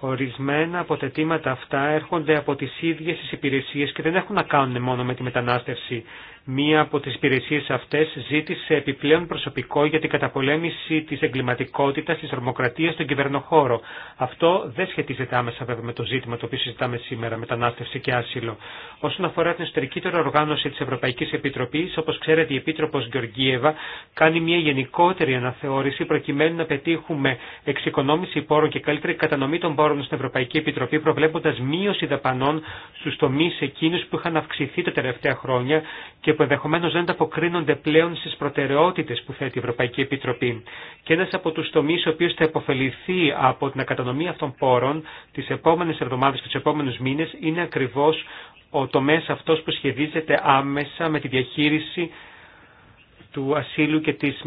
Ορισμένα από τα αυτά έρχονται από τις ίδιες τις υπηρεσίες και δεν έχουν να κάνουν μόνο με τη μετανάστευση. Μία από τις υπηρεσίε αυτές ζήτησε επιπλέον προσωπικό για την καταπολέμηση της εγκληματικότητας, της ρομοκρατίας στον κυβερνοχώρο. Αυτό δεν σχετίζεται άμεσα βέβαια με το ζήτημα το οποίο συζητάμε σήμερα, μετανάστευση και άσυλο. Όσον αφορά την εσωτερική τώρα οργάνωση της Ευρωπαϊκής Επιτροπής, όπως ξέρετε η Επίτροπος Γεωργίεβα κάνει μια γενικότερη αναθεώρηση προκειμένου να πετύχουμε εξοικονόμηση πόρων και καλύτερη κατανομή των πόρων στην Ευρωπαϊκή Επιτροπή προβλέποντας μείωση δαπανών στους τομείς εκείνους που είχαν αυξηθεί τα τελευταία χρόνια και που ενδεχομένω δεν αποκρίνονται πλέον στι προτεραιότητε που θέτει η Ευρωπαϊκή Επιτροπή. Και ένα από του τομεί ο οποίο θα υποφεληθεί από την ακατανομία αυτών πόρων τι επόμενε εβδομάδε και του επόμενου μήνε είναι ακριβώ ο τομέα αυτό που σχεδίζεται άμεσα με τη διαχείριση του ασύλου και της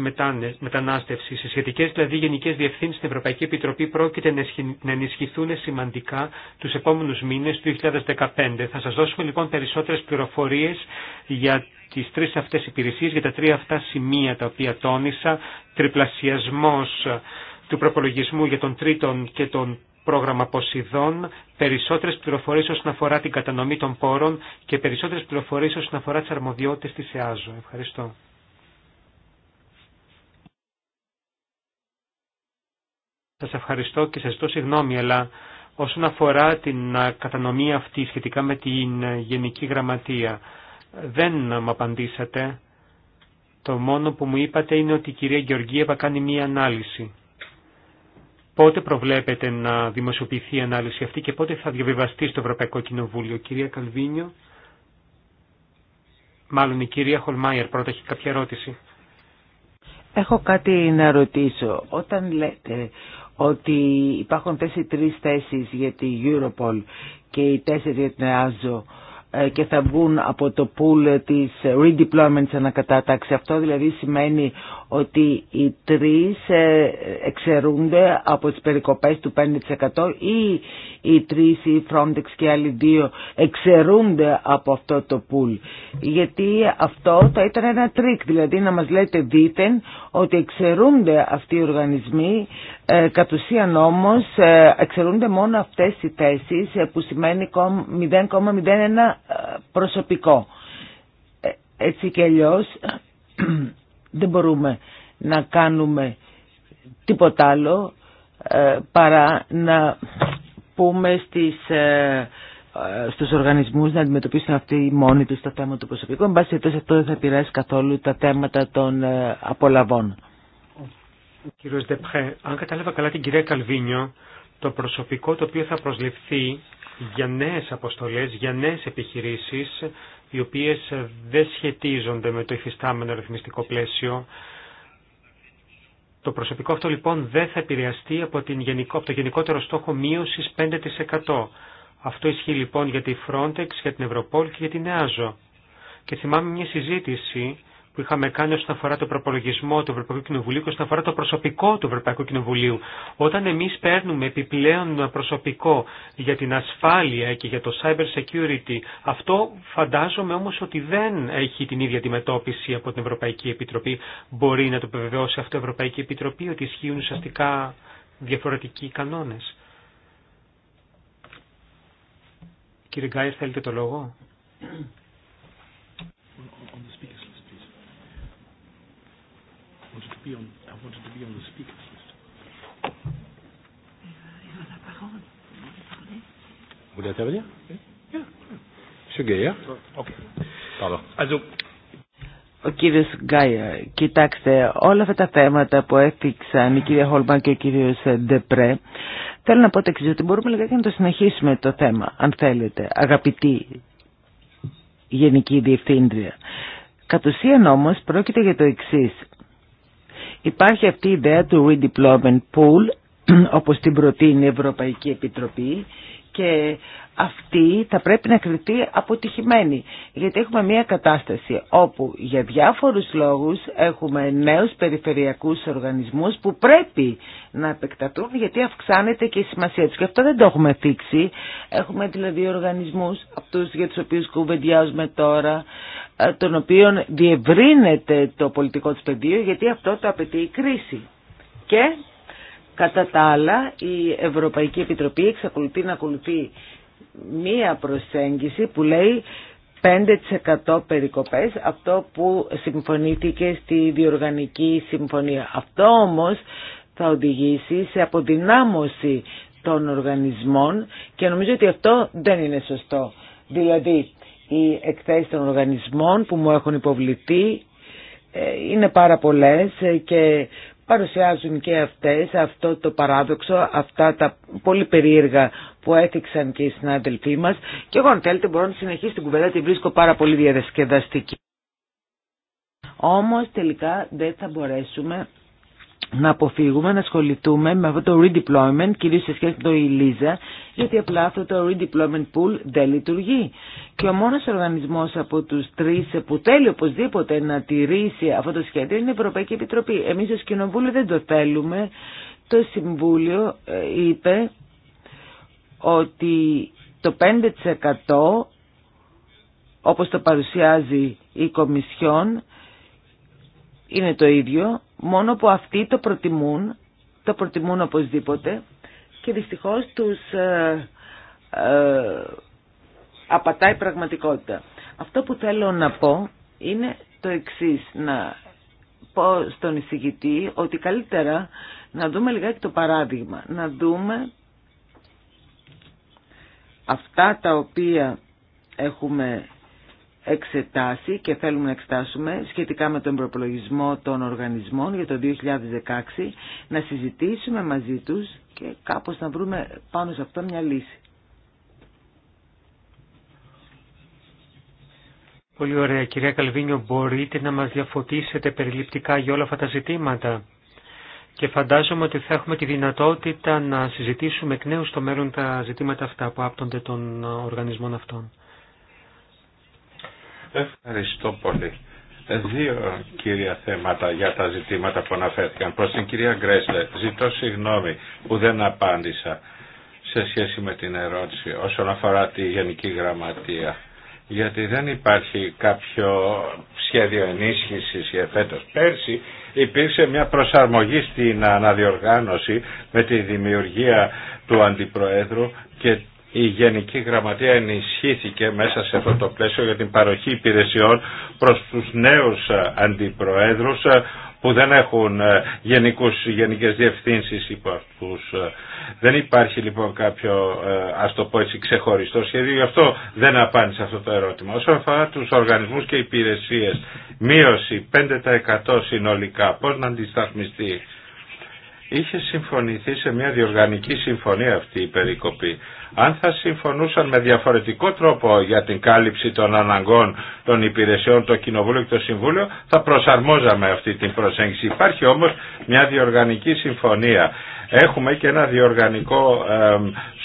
μετανάστευση. Οι σχετικέ δηλαδή γενικέ διευθύνσει στην Ευρωπαϊκή Επιτροπή πρόκειται να ενισχυθούν σημαντικά τους επόμενους μήνες του 2015. Θα σας δώσουμε λοιπόν περισσότερε πληροφορίες για τις τρεις αυτές υπηρεσίε, για τα τρία αυτά σημεία τα οποία τόνισα, τριπλασιασμός του προπολογισμού για τον τρίτον και τον πρόγραμμα Ποσειδών, περισσότερες πληροφορίες όσον αφορά την κατανομή των πόρων και περισσότερες πληροφορίες όσον αφορά τις αρμοδιότητες της ΕΑΖΟ. Ευχαριστώ. Σα ευχαριστώ και σα ζητώ συγγνώμη, αλλά όσον αφορά την κατανομή αυτή σχετικά με την ε, Γενική Γραμματεία, δεν μου απαντήσατε. Το μόνο που μου είπατε είναι ότι η κυρία Γεωργίευα κάνει μία ανάλυση. Πότε προβλέπετε να δημοσιοποιηθεί η ανάλυση αυτή και πότε θα διαβιβαστεί στο Ευρωπαϊκό Κοινοβούλιο. Κυρία Καλβίνιο, μάλλον η κυρία Χολμάιερ πρώτα έχει κάποια ερώτηση. Έχω κάτι να ρωτήσω. Όταν λέτε ότι υπάρχουν τέσσερι τρεις θέσεις για τη Europol και οι τέσσερις για την ΕΑΖΟ και θα βγουν από το pool της redeployment ανακατάταξη. Αυτό δηλαδή σημαίνει ότι οι τρεις ε, εξαιρούνται από τις περικοπές του 5% ή οι τρεις, οι Frontex και οι άλλοι δύο εξαιρούνται από αυτό το πουλ. Γιατί αυτό θα ήταν ένα τρίκ, δηλαδή να μας λέτε δίθεν ότι εξαιρούνται αυτοί οι οργανισμοί, ε, κατ' ουσίαν όμως ε, εξαιρούνται μόνο αυτές οι θέσεις ε, που σημαίνει 0,01 προσωπικό. Έτσι και αλλιώς δεν μπορούμε να κάνουμε τίποτα άλλο ε, παρά να πούμε στις, ε, ε, στους οργανισμούς να αντιμετωπίσουν αυτοί μόνοι τους τα θέματα του προσωπικού. Εν πάση αυτό δεν θα επηρεάσει καθόλου τα θέματα των απολαβών. Κύριο Δεπχέ, αν κατάλαβα καλά την κυρία Καλβίνιο, το προσωπικό το οποίο θα προσληφθεί για νέες αποστολές, για νέες επιχειρήσεις οι οποίες δεν σχετίζονται με το υφιστάμενο ρυθμιστικό πλαίσιο. Το προσωπικό αυτό λοιπόν δεν θα επηρεαστεί από, την γενικό, το γενικότερο στόχο μείωσης 5%. Αυτό ισχύει λοιπόν για τη Frontex, για την Ευρωπόλ και για την ΕΑΖΟ. Και θυμάμαι μια συζήτηση που είχαμε κάνει όσον αφορά το προπολογισμό του Ευρωπαϊκού Κοινοβουλίου και όσον αφορά το προσωπικό του Ευρωπαϊκού Κοινοβουλίου. Όταν εμεί παίρνουμε επιπλέον προσωπικό για την ασφάλεια και για το cyber security, αυτό φαντάζομαι όμω ότι δεν έχει την ίδια αντιμετώπιση από την Ευρωπαϊκή Επιτροπή. Μπορεί να το επιβεβαιώσει αυτό η Ευρωπαϊκή Επιτροπή ότι ισχύουν ουσιαστικά διαφορετικοί κανόνε. Κύριε Γκάιερ, θέλετε το λόγο. be on, I wanted to be on the speakers list. Vous voulez intervenir Monsieur okay. Pardon. Also, ο κύριος Γκάια, ε, κοιτάξτε, όλα αυτά τα θέματα που έφτιαξαν η κυρία Χόλμπαν και ο κύριος ε, Ντεπρέ, θέλω να πω τεξί, ότι μπορούμε λιγάκι να το συνεχίσουμε το θέμα, αν θέλετε, αγαπητή Γενική Διευθύντρια. Κατ' ουσίαν όμως πρόκειται για το εξής. Υπάρχει αυτή η ιδέα του redeployment pool όπως την προτείνει η Ευρωπαϊκή Επιτροπή και αυτή θα πρέπει να κρυθεί αποτυχημένη. Γιατί έχουμε μια κατάσταση όπου για διάφορους λόγους έχουμε νέους περιφερειακούς οργανισμούς που πρέπει να επεκτατούν γιατί αυξάνεται και η σημασία τους. Και αυτό δεν το έχουμε θίξει. Έχουμε δηλαδή οργανισμούς, αυτούς για τους οποίους κουβεντιάζουμε τώρα, ε, των οποίων διευρύνεται το πολιτικό του πεδίο γιατί αυτό το απαιτεί η κρίση. Και Κατά τα άλλα, η Ευρωπαϊκή Επιτροπή εξακολουθεί να ακολουθεί μία προσέγγιση που λέει 5% περικοπές, αυτό που συμφωνήθηκε στη Διοργανική Συμφωνία. Αυτό όμως θα οδηγήσει σε αποδυνάμωση των οργανισμών και νομίζω ότι αυτό δεν είναι σωστό. Δηλαδή, οι εκθέσεις των οργανισμών που μου έχουν υποβληθεί ε, είναι πάρα πολλές ε, και παρουσιάζουν και αυτές αυτό το παράδοξο, αυτά τα πολύ περίεργα που έθιξαν και οι συνάδελφοί μας και εγώ αν θέλετε μπορώ να συνεχίσω την κουβέντα, την βρίσκω πάρα πολύ διαδεσκεδαστική. Όμως τελικά δεν θα μπορέσουμε να αποφύγουμε να ασχοληθούμε με αυτό το redeployment, κυρίως σε σχέση με το ELISA, γιατί απλά αυτό το redeployment pool δεν λειτουργεί. Και ο μόνος οργανισμός από τους τρεις που θέλει οπωσδήποτε να τηρήσει αυτό το σχέδιο είναι η Ευρωπαϊκή Επιτροπή. Εμείς ως Κοινοβούλιο δεν το θέλουμε. Το Συμβούλιο ε, είπε ότι το 5% όπως το παρουσιάζει η Κομισιόν είναι το ίδιο, μόνο που αυτοί το προτιμούν, το προτιμούν οπωσδήποτε και δυστυχώς τους ε, ε, απατάει πραγματικότητα. Αυτό που θέλω να πω είναι το εξής, να πω στον εισηγητή ότι καλύτερα να δούμε λιγάκι το παράδειγμα, να δούμε αυτά τα οποία έχουμε εξετάσει και θέλουμε να εξετάσουμε σχετικά με τον προπολογισμό των οργανισμών για το 2016, να συζητήσουμε μαζί τους και κάπως να βρούμε πάνω σε αυτό μια λύση. Πολύ ωραία. Κυρία Καλβίνιο, μπορείτε να μας διαφωτίσετε περιληπτικά για όλα αυτά τα ζητήματα. Και φαντάζομαι ότι θα έχουμε τη δυνατότητα να συζητήσουμε εκ νέου στο μέλλον τα ζητήματα αυτά που άπτονται των οργανισμών αυτών. Ευχαριστώ πολύ. Ε, δύο κύρια θέματα για τα ζητήματα που αναφέρθηκαν. Προς την κυρία Γκρέσλε, ζητώ συγγνώμη που δεν απάντησα σε σχέση με την ερώτηση όσον αφορά τη Γενική Γραμματεία. Γιατί δεν υπάρχει κάποιο σχέδιο ενίσχυσης για φέτος. Πέρσι υπήρξε μια προσαρμογή στην αναδιοργάνωση με τη δημιουργία του Αντιπροέδρου και η Γενική Γραμματεία ενισχύθηκε μέσα σε αυτό το πλαίσιο για την παροχή υπηρεσιών προς τους νέους ε, αντιπροέδρους ε, που δεν έχουν ε, γενικούς, γενικές διευθύνσεις υπό αυτούς. Δεν υπάρχει λοιπόν κάποιο, ας το πω έτσι, ξεχωριστό σχέδιο, γι' αυτό δεν απάντησε αυτό το ερώτημα. Όσον αφορά τους οργανισμούς και υπηρεσίες, μείωση 5% συνολικά, πώς να αντισταθμιστεί. Είχε συμφωνηθεί σε μια διοργανική συμφωνία αυτή η περικοπή. Αν θα συμφωνούσαν με διαφορετικό τρόπο για την κάλυψη των αναγκών των υπηρεσιών το Κοινοβούλιο και το Συμβούλιο θα προσαρμόζαμε αυτή την προσέγγιση. Υπάρχει όμως μια διοργανική συμφωνία. Έχουμε και ένα διοργανικό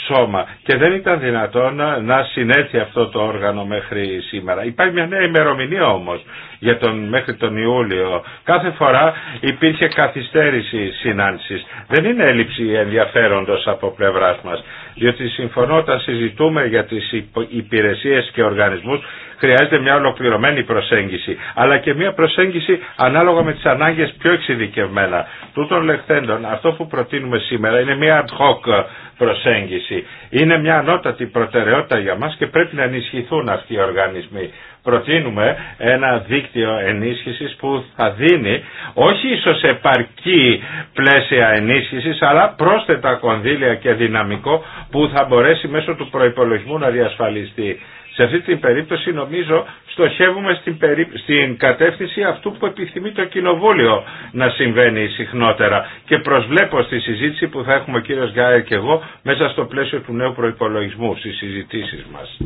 σώμα και δεν ήταν δυνατόν να συνέλθει αυτό το όργανο μέχρι σήμερα. Υπάρχει μια νέα ημερομηνία όμως για τον, μέχρι τον Ιούλιο. Κάθε φορά υπήρχε καθυστέρηση συνάντησης. Δεν είναι έλλειψη ενδιαφέροντος από πλευράς μας, διότι συμφωνώ όταν συζητούμε για τις υπηρεσίες και οργανισμούς χρειάζεται μια ολοκληρωμένη προσέγγιση, αλλά και μια προσέγγιση ανάλογα με τις ανάγκες πιο εξειδικευμένα. Τούτων λεχθέντων, αυτό που προτείνουμε σήμερα είναι μια ad hoc προσέγγιση. Είναι μια ανώτατη προτεραιότητα για μας και πρέπει να ενισχυθούν αυτοί οι οργανισμοί. Προτείνουμε ένα δίκτυο ενίσχυσης που θα δίνει όχι ίσως επαρκή πλαίσια ενίσχυσης αλλά πρόσθετα κονδύλια και δυναμικό που θα μπορέσει μέσω του προϋπολογισμού να διασφαλιστεί. Σε αυτή την περίπτωση νομίζω στοχεύουμε στην, στην κατεύθυνση αυτού που επιθυμεί το Κοινοβούλιο να συμβαίνει συχνότερα και προσβλέπω στη συζήτηση που θα έχουμε ο κύριος Γκάερ και εγώ μέσα στο πλαίσιο του νέου προϋπολογισμού στις συζητήσεις μας.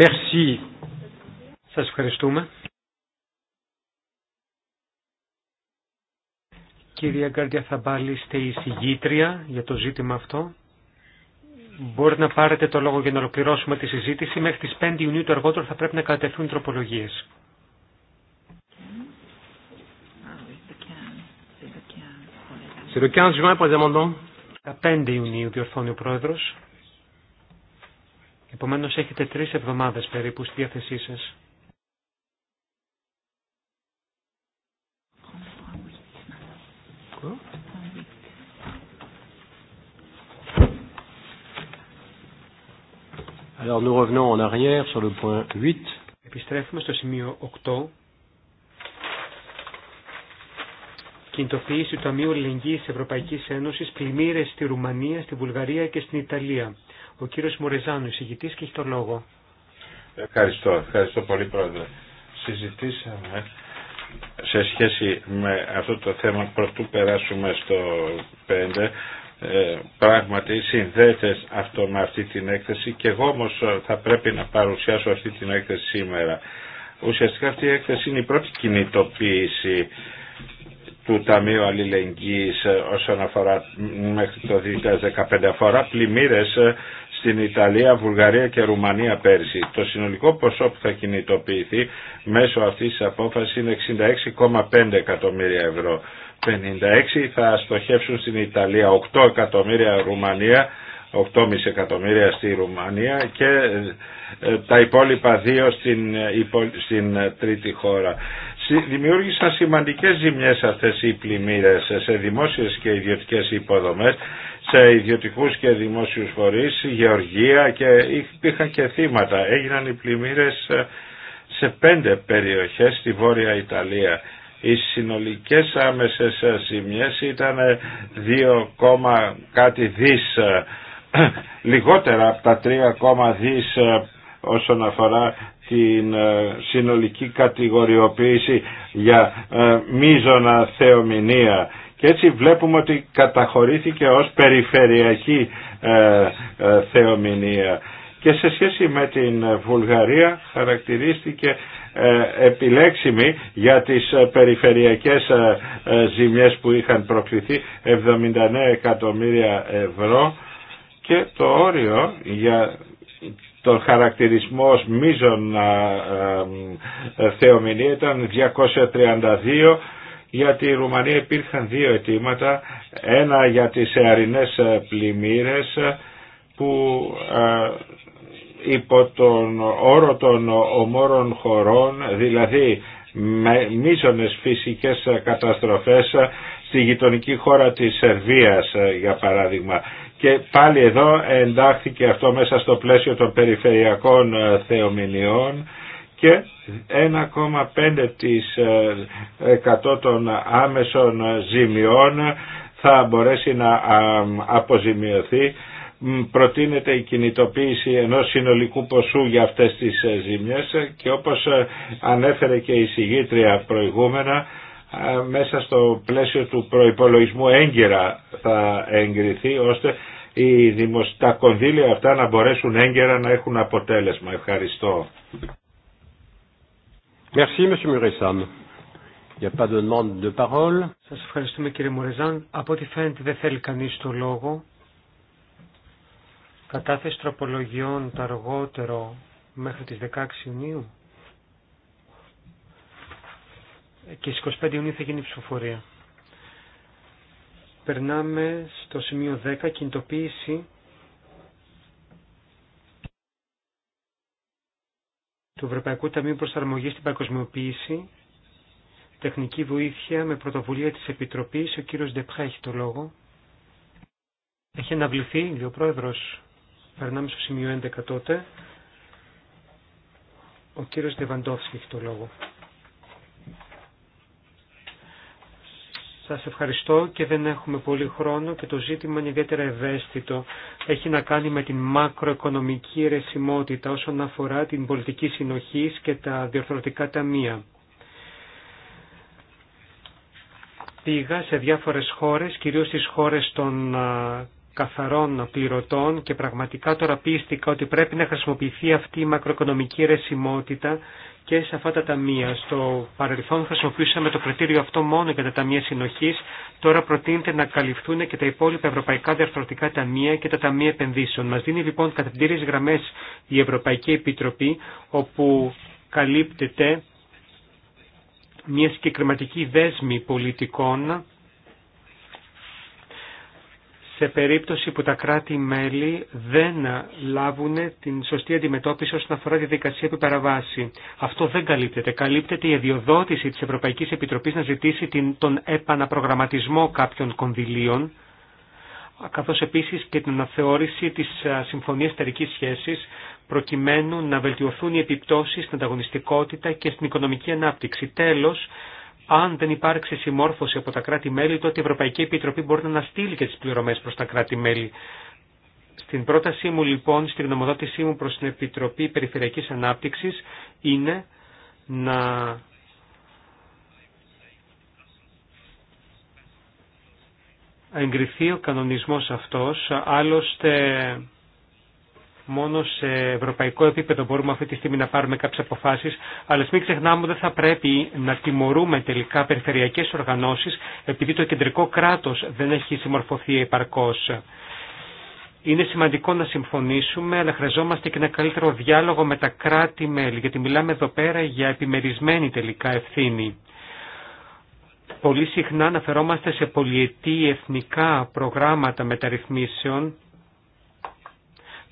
Merci. Σας ευχαριστούμε. Κυρία Γκάρδια θα είστε η συγγήτρια για το ζήτημα αυτό. Μπορείτε να πάρετε το λόγο για να ολοκληρώσουμε τη συζήτηση. Μέχρι τις 5 Ιουνίου το αργότερο θα πρέπει να κατευθούν τροπολογίες. Τα 5 15 Ιουνίου διορθώνει ο Πρόεδρος. Επομένως έχετε τρεις εβδομάδες περίπου στη διάθεσή σας. Alors nous revenons en arrière sur le point 8. Επιστρέφουμε στο σημείο 8. Κινητοποίηση του Ταμείου Ελληνικής Ευρωπαϊκή Ένωση, πλημμύρε στη Ρουμανία, στη Βουλγαρία και στην Ιταλία. Ο κύριο Μορεζάνου, εισηγητής, και έχει το λόγο. Ευχαριστώ, ευχαριστώ πολύ πρόεδρε. Συζητήσαμε σε σχέση με αυτό το θέμα πρωτού περάσουμε στο 5 ε, πράγματι συνδέεται αυτό με αυτή την έκθεση και εγώ όμω ε, θα πρέπει να παρουσιάσω αυτή την έκθεση σήμερα. Ουσιαστικά αυτή η έκθεση είναι η πρώτη κινητοποίηση του Ταμείου Αλληλεγγύης ε, όσον αφορά μέχρι το 2015 αφορά πλημμύρες στην Ιταλία, Βουλγαρία και Ρουμανία πέρσι. Το συνολικό ποσό που θα κινητοποιηθεί μέσω αυτής της απόφασης είναι 66,5 εκατομμύρια ευρώ. 56 θα στοχεύσουν στην Ιταλία, 8 εκατομμύρια Ρουμανία, 8,5 εκατομμύρια στη Ρουμανία και ε, τα υπόλοιπα δύο στην, ε, στην ε, τρίτη χώρα. Δημιούργησαν σημαντικές ζημιές αυτές οι πλημμύρες σε δημόσιες και ιδιωτικές υποδομές σε ιδιωτικούς και δημόσιους φορείς, γεωργία και υπήρχαν και θύματα. Έγιναν οι πλημμύρες ε, σε πέντε περιοχές στη Βόρεια Ιταλία. Οι συνολικές άμεσες ε, ζημιές ήταν 2, ε, κάτι δις, λιγότερα από τα 3, δις όσον αφορά την συνολική κατηγοριοποίηση για μίζωνα θεομηνία και έτσι βλέπουμε ότι καταχωρήθηκε ως περιφερειακή ε, ε, θεομηνία. Και σε σχέση με την Βουλγαρία χαρακτηρίστηκε ε, επιλέξιμη για τις περιφερειακές ζημιές που είχαν προκληθεί 79 εκατομμύρια ευρώ και το όριο για τον χαρακτηρισμό ως μείζων θεομηνία ήταν 232 γιατί η Ρουμανία υπήρχαν δύο αιτήματα. Ένα για τις αιαρινές ε, πλημμύρες ε, που ε, υπό τον όρο των ομόρων χωρών, δηλαδή με μίζωνες φυσικές καταστροφές στη γειτονική χώρα της Σερβίας για παράδειγμα. Και πάλι εδώ εντάχθηκε αυτό μέσα στο πλαίσιο των περιφερειακών θεομηνιών και 1,5% των άμεσων ζημιών θα μπορέσει να αποζημιωθεί. Προτείνεται η κινητοποίηση ενός συνολικού ποσού για αυτές τις ε, ζημιές και όπως ε, ανέφερε και η συγγήτρια προηγούμενα, ε, μέσα στο πλαίσιο του προϋπολογισμού έγκαιρα θα εγκριθεί ώστε οι τα κονδύλια αυτά να μπορέσουν έγκαιρα να έχουν αποτέλεσμα. Ευχαριστώ. Merci, Σας ευχαριστούμε κύριε Μουρεζάν. Από ό,τι φαίνεται δεν θέλει κανείς το λόγο. Κατάθεση τροπολογιών το αργότερο μέχρι τις 16 Ιουνίου. Και στις 25 Ιουνίου θα γίνει η ψηφοφορία. Περνάμε στο σημείο 10, κινητοποίηση του Ευρωπαϊκού Ταμείου Προσαρμογή στην Παγκοσμιοποίηση, τεχνική βοήθεια με πρωτοβουλία της Επιτροπής. Ο κύριος Ντεπχά έχει το λόγο. Έχει αναβληθεί, ο Πρόεδρος. Περνάμε στο σημείο 11 τότε. Ο κύριος Ντεβαντόφσκι έχει το λόγο. Σας ευχαριστώ και δεν έχουμε πολύ χρόνο και το ζήτημα είναι ιδιαίτερα ευαίσθητο. Έχει να κάνει με την μακροοικονομική ρεσιμότητα όσον αφορά την πολιτική συνοχή και τα διορθωτικά ταμεία. Πήγα σε διάφορες χώρες, κυρίως στις χώρες των καθαρών πληρωτών και πραγματικά τώρα πίστηκα ότι πρέπει να χρησιμοποιηθεί αυτή η μακροοικονομική ρεσιμότητα και σε αυτά τα ταμεία. Στο παρελθόν χρησιμοποιούσαμε το κριτήριο αυτό μόνο για τα ταμεία συνοχή. Τώρα προτείνεται να καλυφθούν και τα υπόλοιπα ευρωπαϊκά διαρθρωτικά ταμεία και τα ταμεία επενδύσεων. Μα δίνει λοιπόν κατευθυντήριε γραμμέ η Ευρωπαϊκή Επιτροπή, όπου καλύπτεται μια συγκεκριματική δέσμη πολιτικών σε περίπτωση που τα κράτη-μέλη δεν λάβουν την σωστή αντιμετώπιση όσον αφορά τη δικασία που Αυτό δεν καλύπτεται. Καλύπτεται η αδειοδότηση της Ευρωπαϊκής Επιτροπής να ζητήσει τον επαναπρογραμματισμό κάποιων κονδυλίων, καθώς επίσης και την αναθεώρηση της Συμφωνίας Τερικής Σχέσης, προκειμένου να βελτιωθούν οι επιπτώσεις στην ανταγωνιστικότητα και στην οικονομική ανάπτυξη. Τέλος, αν δεν υπάρξει συμμόρφωση από τα κράτη-μέλη, τότε η Ευρωπαϊκή Επιτροπή μπορεί να αναστείλει και τι πληρωμέ προ τα κράτη-μέλη. Στην πρότασή μου λοιπόν, στην γνωμοδότησή μου προ την Επιτροπή Περιφερειακής ανάπτυξη, είναι να εγκριθεί ο κανονισμός αυτός, άλλωστε Μόνο σε ευρωπαϊκό επίπεδο μπορούμε αυτή τη στιγμή να πάρουμε κάποιε αποφάσει, αλλά μην ξεχνάμε ότι δεν θα πρέπει να τιμωρούμε τελικά περιφερειακέ οργανώσει επειδή το κεντρικό κράτο δεν έχει συμμορφωθεί επαρκώ. Είναι σημαντικό να συμφωνήσουμε, αλλά χρειαζόμαστε και ένα καλύτερο διάλογο με τα κράτη-μέλη, γιατί μιλάμε εδώ πέρα για επιμερισμένη τελικά ευθύνη. Πολύ συχνά αναφερόμαστε σε πολιετή εθνικά προγράμματα μεταρρυθμίσεων,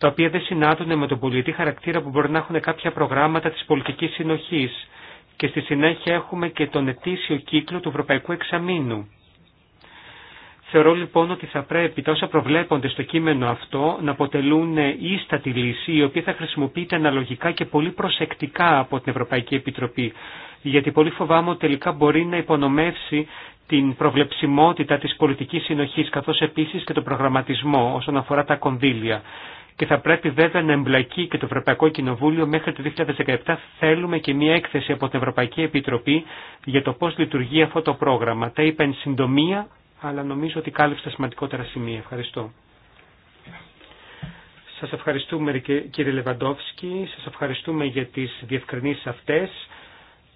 τα οποία δεν συνάδουν με τον πολιτή χαρακτήρα που μπορεί να έχουν κάποια προγράμματα της πολιτικής συνοχής. Και στη συνέχεια έχουμε και τον ετήσιο κύκλο του Ευρωπαϊκού Εξαμήνου. Θεωρώ λοιπόν ότι θα πρέπει τα όσα προβλέπονται στο κείμενο αυτό να αποτελούν ίστατη λύση η οποία θα χρησιμοποιείται αναλογικά και πολύ προσεκτικά από την Ευρωπαϊκή Επιτροπή. Γιατί πολύ φοβάμαι ότι τελικά μπορεί να υπονομεύσει την προβλεψιμότητα της πολιτικής συνοχής καθώς επίσης και τον προγραμματισμό όσον αφορά τα κονδύλια και θα πρέπει βέβαια να εμπλακεί και το Ευρωπαϊκό Κοινοβούλιο μέχρι το 2017 θέλουμε και μια έκθεση από την Ευρωπαϊκή Επιτροπή για το πώς λειτουργεί αυτό το πρόγραμμα. Τα είπα εν συντομία, αλλά νομίζω ότι κάλυψε τα σημαντικότερα σημεία. Ευχαριστώ. Σας ευχαριστούμε κύριε Λεβαντόφσκι, σας ευχαριστούμε για τις διευκρινήσεις αυτές,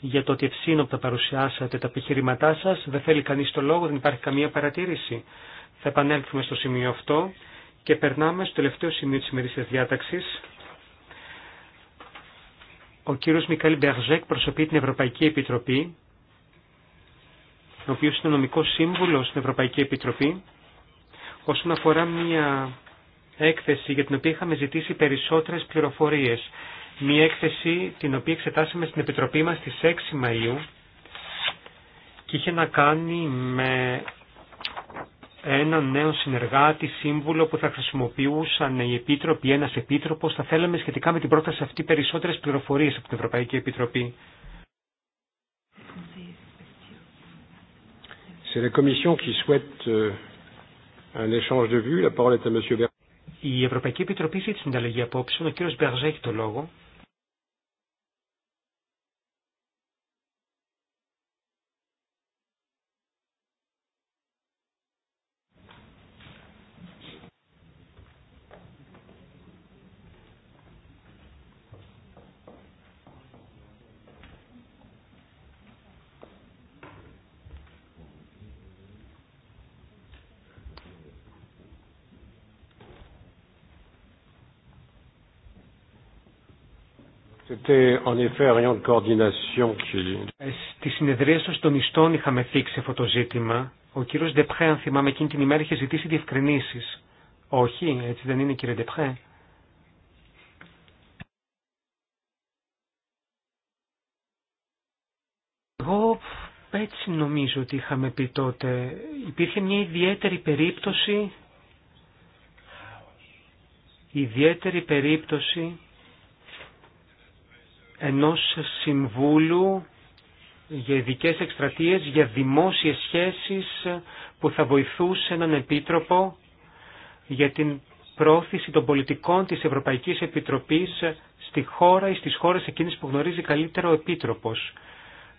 για το ότι ευσύνοπτα παρουσιάσατε τα επιχειρήματά σας. Δεν θέλει κανείς το λόγο, δεν υπάρχει καμία παρατήρηση. Θα επανέλθουμε στο σημείο αυτό. Και περνάμε στο τελευταίο σημείο της της διάταξης. Ο κύριος Μικάλη Μπερζέκ προσωπεί την Ευρωπαϊκή Επιτροπή, ο οποίος είναι νομικός σύμβουλος στην Ευρωπαϊκή Επιτροπή, όσον αφορά μια έκθεση για την οποία είχαμε ζητήσει περισσότερες πληροφορίες. Μια έκθεση την οποία εξετάσαμε στην Επιτροπή μας στις 6 Μαΐου και είχε να κάνει με έναν νέο συνεργάτη, σύμβουλο που θα χρησιμοποιούσαν οι επίτροποι, ένα επίτροπο. Θα θέλαμε σχετικά με την πρόταση αυτή περισσότερε πληροφορίε από την Ευρωπαϊκή Επιτροπή. Η Ευρωπαϊκή Επιτροπή ζήτησε την αλλαγή απόψεων. Ο κύριο Μπερζέ έχει το λόγο. Στη en effet rien ε, είχαμε θίξει αυτό το ζήτημα. Ο κύριο Δεπρέ, αν θυμάμαι, εκείνη την ημέρα είχε ζητήσει διευκρινήσει. Όχι, έτσι δεν είναι, κύριε Δεπρέ? Εγώ έτσι νομίζω ότι είχαμε πει τότε. Υπήρχε μια ιδιαίτερη περίπτωση. Ιδιαίτερη περίπτωση ενός συμβούλου για ειδικέ εκστρατείες, για δημόσιες σχέσεις που θα βοηθούσε έναν επίτροπο για την πρόθεση των πολιτικών της Ευρωπαϊκής Επιτροπής στη χώρα ή στις χώρες εκείνες που γνωρίζει καλύτερα ο Επίτροπος.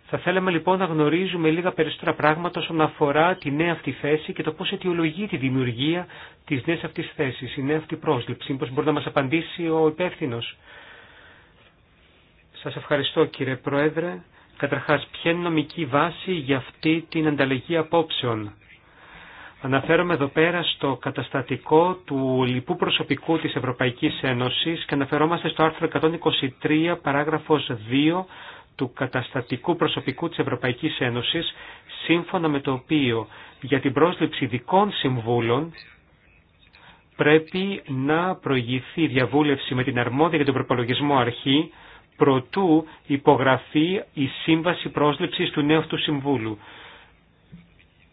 Θα θέλαμε λοιπόν να γνωρίζουμε λίγα περισσότερα πράγματα όσον αφορά τη νέα αυτή θέση και το πώς αιτιολογεί τη δημιουργία της νέας αυτής θέσης, η νέα αυτή πρόσληψη. Πώς μπορεί να μας απαντήσει ο υπεύθυνο. Σας ευχαριστώ κύριε Πρόεδρε. Καταρχάς, ποια είναι η νομική βάση για αυτή την ανταλλαγή απόψεων. Αναφέρομαι εδώ πέρα στο καταστατικό του λοιπού προσωπικού της Ευρωπαϊκής Ένωσης και αναφερόμαστε στο άρθρο 123 παράγραφος 2 του καταστατικού προσωπικού της Ευρωπαϊκής Ένωσης, σύμφωνα με το οποίο για την πρόσληψη δικών συμβούλων πρέπει να προηγηθεί διαβούλευση με την αρμόδια για τον προπολογισμό αρχή προτού υπογραφεί η σύμβαση πρόσληψης του νέου του συμβούλου.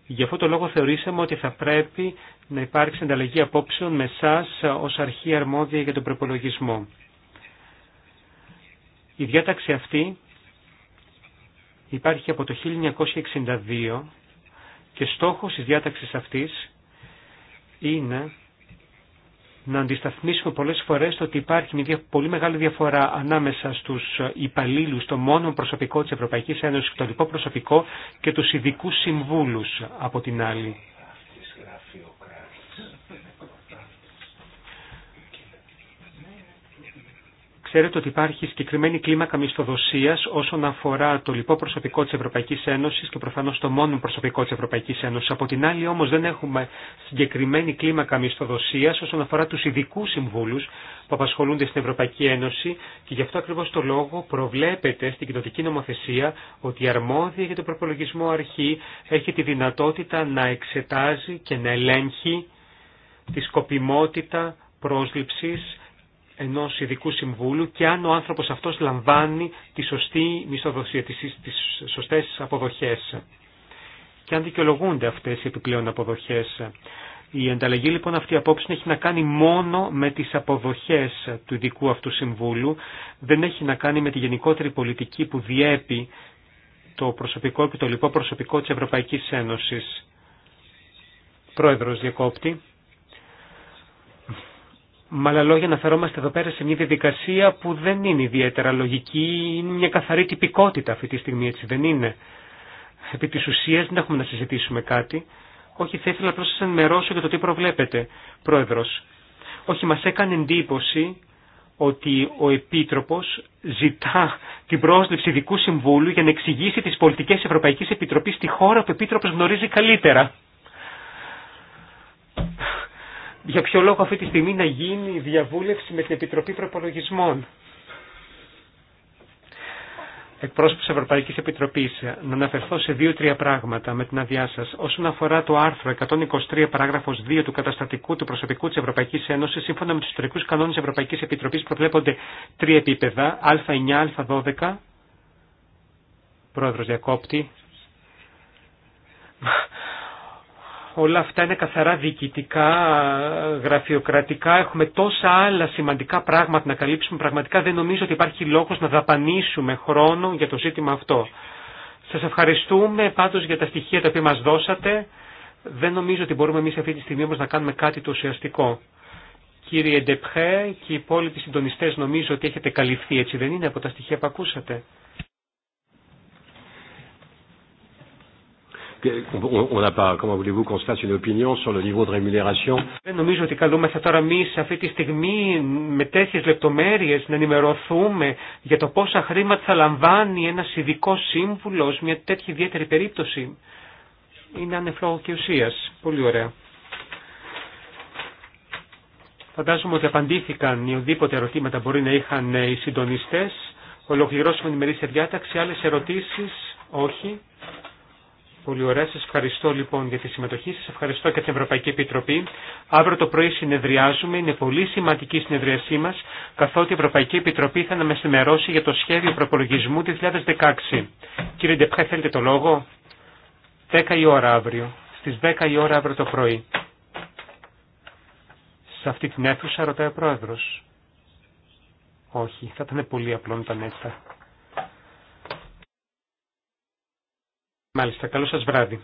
Γι' αυτό το λόγο θεωρήσαμε ότι θα πρέπει να υπάρξει ανταλλαγή απόψεων με εσά ως αρχή αρμόδια για τον προπολογισμό. Η διάταξη αυτή υπάρχει από το 1962 και στόχος της διάταξης αυτής είναι να αντισταθμίσουμε πολλές φορές το ότι υπάρχει μια πολύ μεγάλη διαφορά ανάμεσα στους υπαλλήλου, το μόνο προσωπικό της Ευρωπαϊκής Ένωσης και το λοιπό προσωπικό και τους ειδικού συμβούλους από την άλλη. Ξέρετε ότι υπάρχει συγκεκριμένη κλίμακα μισθοδοσία όσον αφορά το λοιπό προσωπικό τη Ευρωπαϊκή Ένωση και προφανώ το μόνο προσωπικό τη Ευρωπαϊκή Ένωση. Από την άλλη όμω δεν έχουμε συγκεκριμένη κλίμακα μισθοδοσία όσον αφορά του ειδικού συμβούλου που απασχολούνται στην Ευρωπαϊκή Ένωση και γι' αυτό ακριβώ το λόγο προβλέπεται στην κοινοτική νομοθεσία ότι η αρμόδια για τον προπολογισμό αρχή έχει τη δυνατότητα να εξετάζει και να ελέγχει τη σκοπιμότητα πρόσληψης Ενό ειδικού συμβούλου και αν ο άνθρωπος αυτός λαμβάνει τη σωστή μισθοδοσία, τις, σωστές αποδοχές και αν δικαιολογούνται αυτές οι επιπλέον αποδοχές. Η ανταλλαγή λοιπόν αυτή απόψη έχει να κάνει μόνο με τις αποδοχές του ειδικού αυτού συμβούλου, δεν έχει να κάνει με τη γενικότερη πολιτική που διέπει το προσωπικό και το λοιπό προσωπικό της Ευρωπαϊκής Ένωσης. Πρόεδρος Διακόπτη. Με άλλα λόγια αναφερόμαστε εδώ πέρα σε μια διαδικασία που δεν είναι ιδιαίτερα λογική, είναι μια καθαρή τυπικότητα αυτή τη στιγμή, έτσι δεν είναι. Επί της ουσίας δεν έχουμε να συζητήσουμε κάτι. Όχι, θα ήθελα απλώς να σας ενημερώσω για το τι προβλέπετε, Πρόεδρος. Όχι, μας έκανε εντύπωση ότι ο Επίτροπος ζητά την πρόσληψη ειδικού συμβούλου για να εξηγήσει τις πολιτικές Ευρωπαϊκής Επιτροπής στη χώρα που ο Επίτροπος γνωρίζει καλύτερα για ποιο λόγο αυτή τη στιγμή να γίνει διαβούλευση με την Επιτροπή Προπολογισμών. Εκπρόσωπος Ευρωπαϊκής Επιτροπής, να αναφερθώ σε δύο-τρία πράγματα με την αδειά σα. Όσον αφορά το άρθρο 123 παράγραφος 2 του καταστατικού του προσωπικού της Ευρωπαϊκής Ένωσης, σύμφωνα με τους ιστορικούς κανόνες Ευρωπαϊκής Επιτροπής προβλέπονται τρία επίπεδα, α9, α12, πρόεδρος διακόπτη, όλα αυτά είναι καθαρά διοικητικά, γραφειοκρατικά, έχουμε τόσα άλλα σημαντικά πράγματα να καλύψουμε, πραγματικά δεν νομίζω ότι υπάρχει λόγος να δαπανίσουμε χρόνο για το ζήτημα αυτό. Σας ευχαριστούμε πάντως για τα στοιχεία τα οποία μας δώσατε. Δεν νομίζω ότι μπορούμε εμείς αυτή τη στιγμή όμως να κάνουμε κάτι το ουσιαστικό. Κύριε Ντεπχέ και οι υπόλοιποι συντονιστές νομίζω ότι έχετε καλυφθεί, έτσι δεν είναι, από τα στοιχεία που ακούσατε. Δεν Νομίζω ότι καλούμεθα τώρα εμεί αυτή τη στιγμή με τέτοιε λεπτομέρειε να ενημερωθούμε για το πόσα χρήματα θα λαμβάνει ένα ειδικό σύμβουλο μια τέτοια ιδιαίτερη περίπτωση. Είναι ανεφλόγου και ουσία. Πολύ ωραία. Φαντάζομαι ότι απαντήθηκαν οι οδήποτε ερωτήματα μπορεί να είχαν οι συντονιστέ. Ολοκληρώσουμε την μερίσια διάταξη. Άλλε ερωτήσει, όχι. Πολύ ωραία. Σας ευχαριστώ λοιπόν για τη συμμετοχή σας. Ευχαριστώ και την Ευρωπαϊκή Επιτροπή. Αύριο το πρωί συνεδριάζουμε. Είναι πολύ σημαντική η συνεδριασή μας, καθότι η Ευρωπαϊκή Επιτροπή θα να με ενημερώσει για το σχέδιο προπολογισμού 2016. Κύριε Ντεπχά, θέλετε το λόγο. 10 η ώρα αύριο. Στις 10 η ώρα αύριο το πρωί. Σε αυτή την αίθουσα ρωτάει ο Πρόεδρος. Όχι, θα ήταν πολύ απλό να ήταν έτσι. Μάλιστα, καλό σας βράδυ.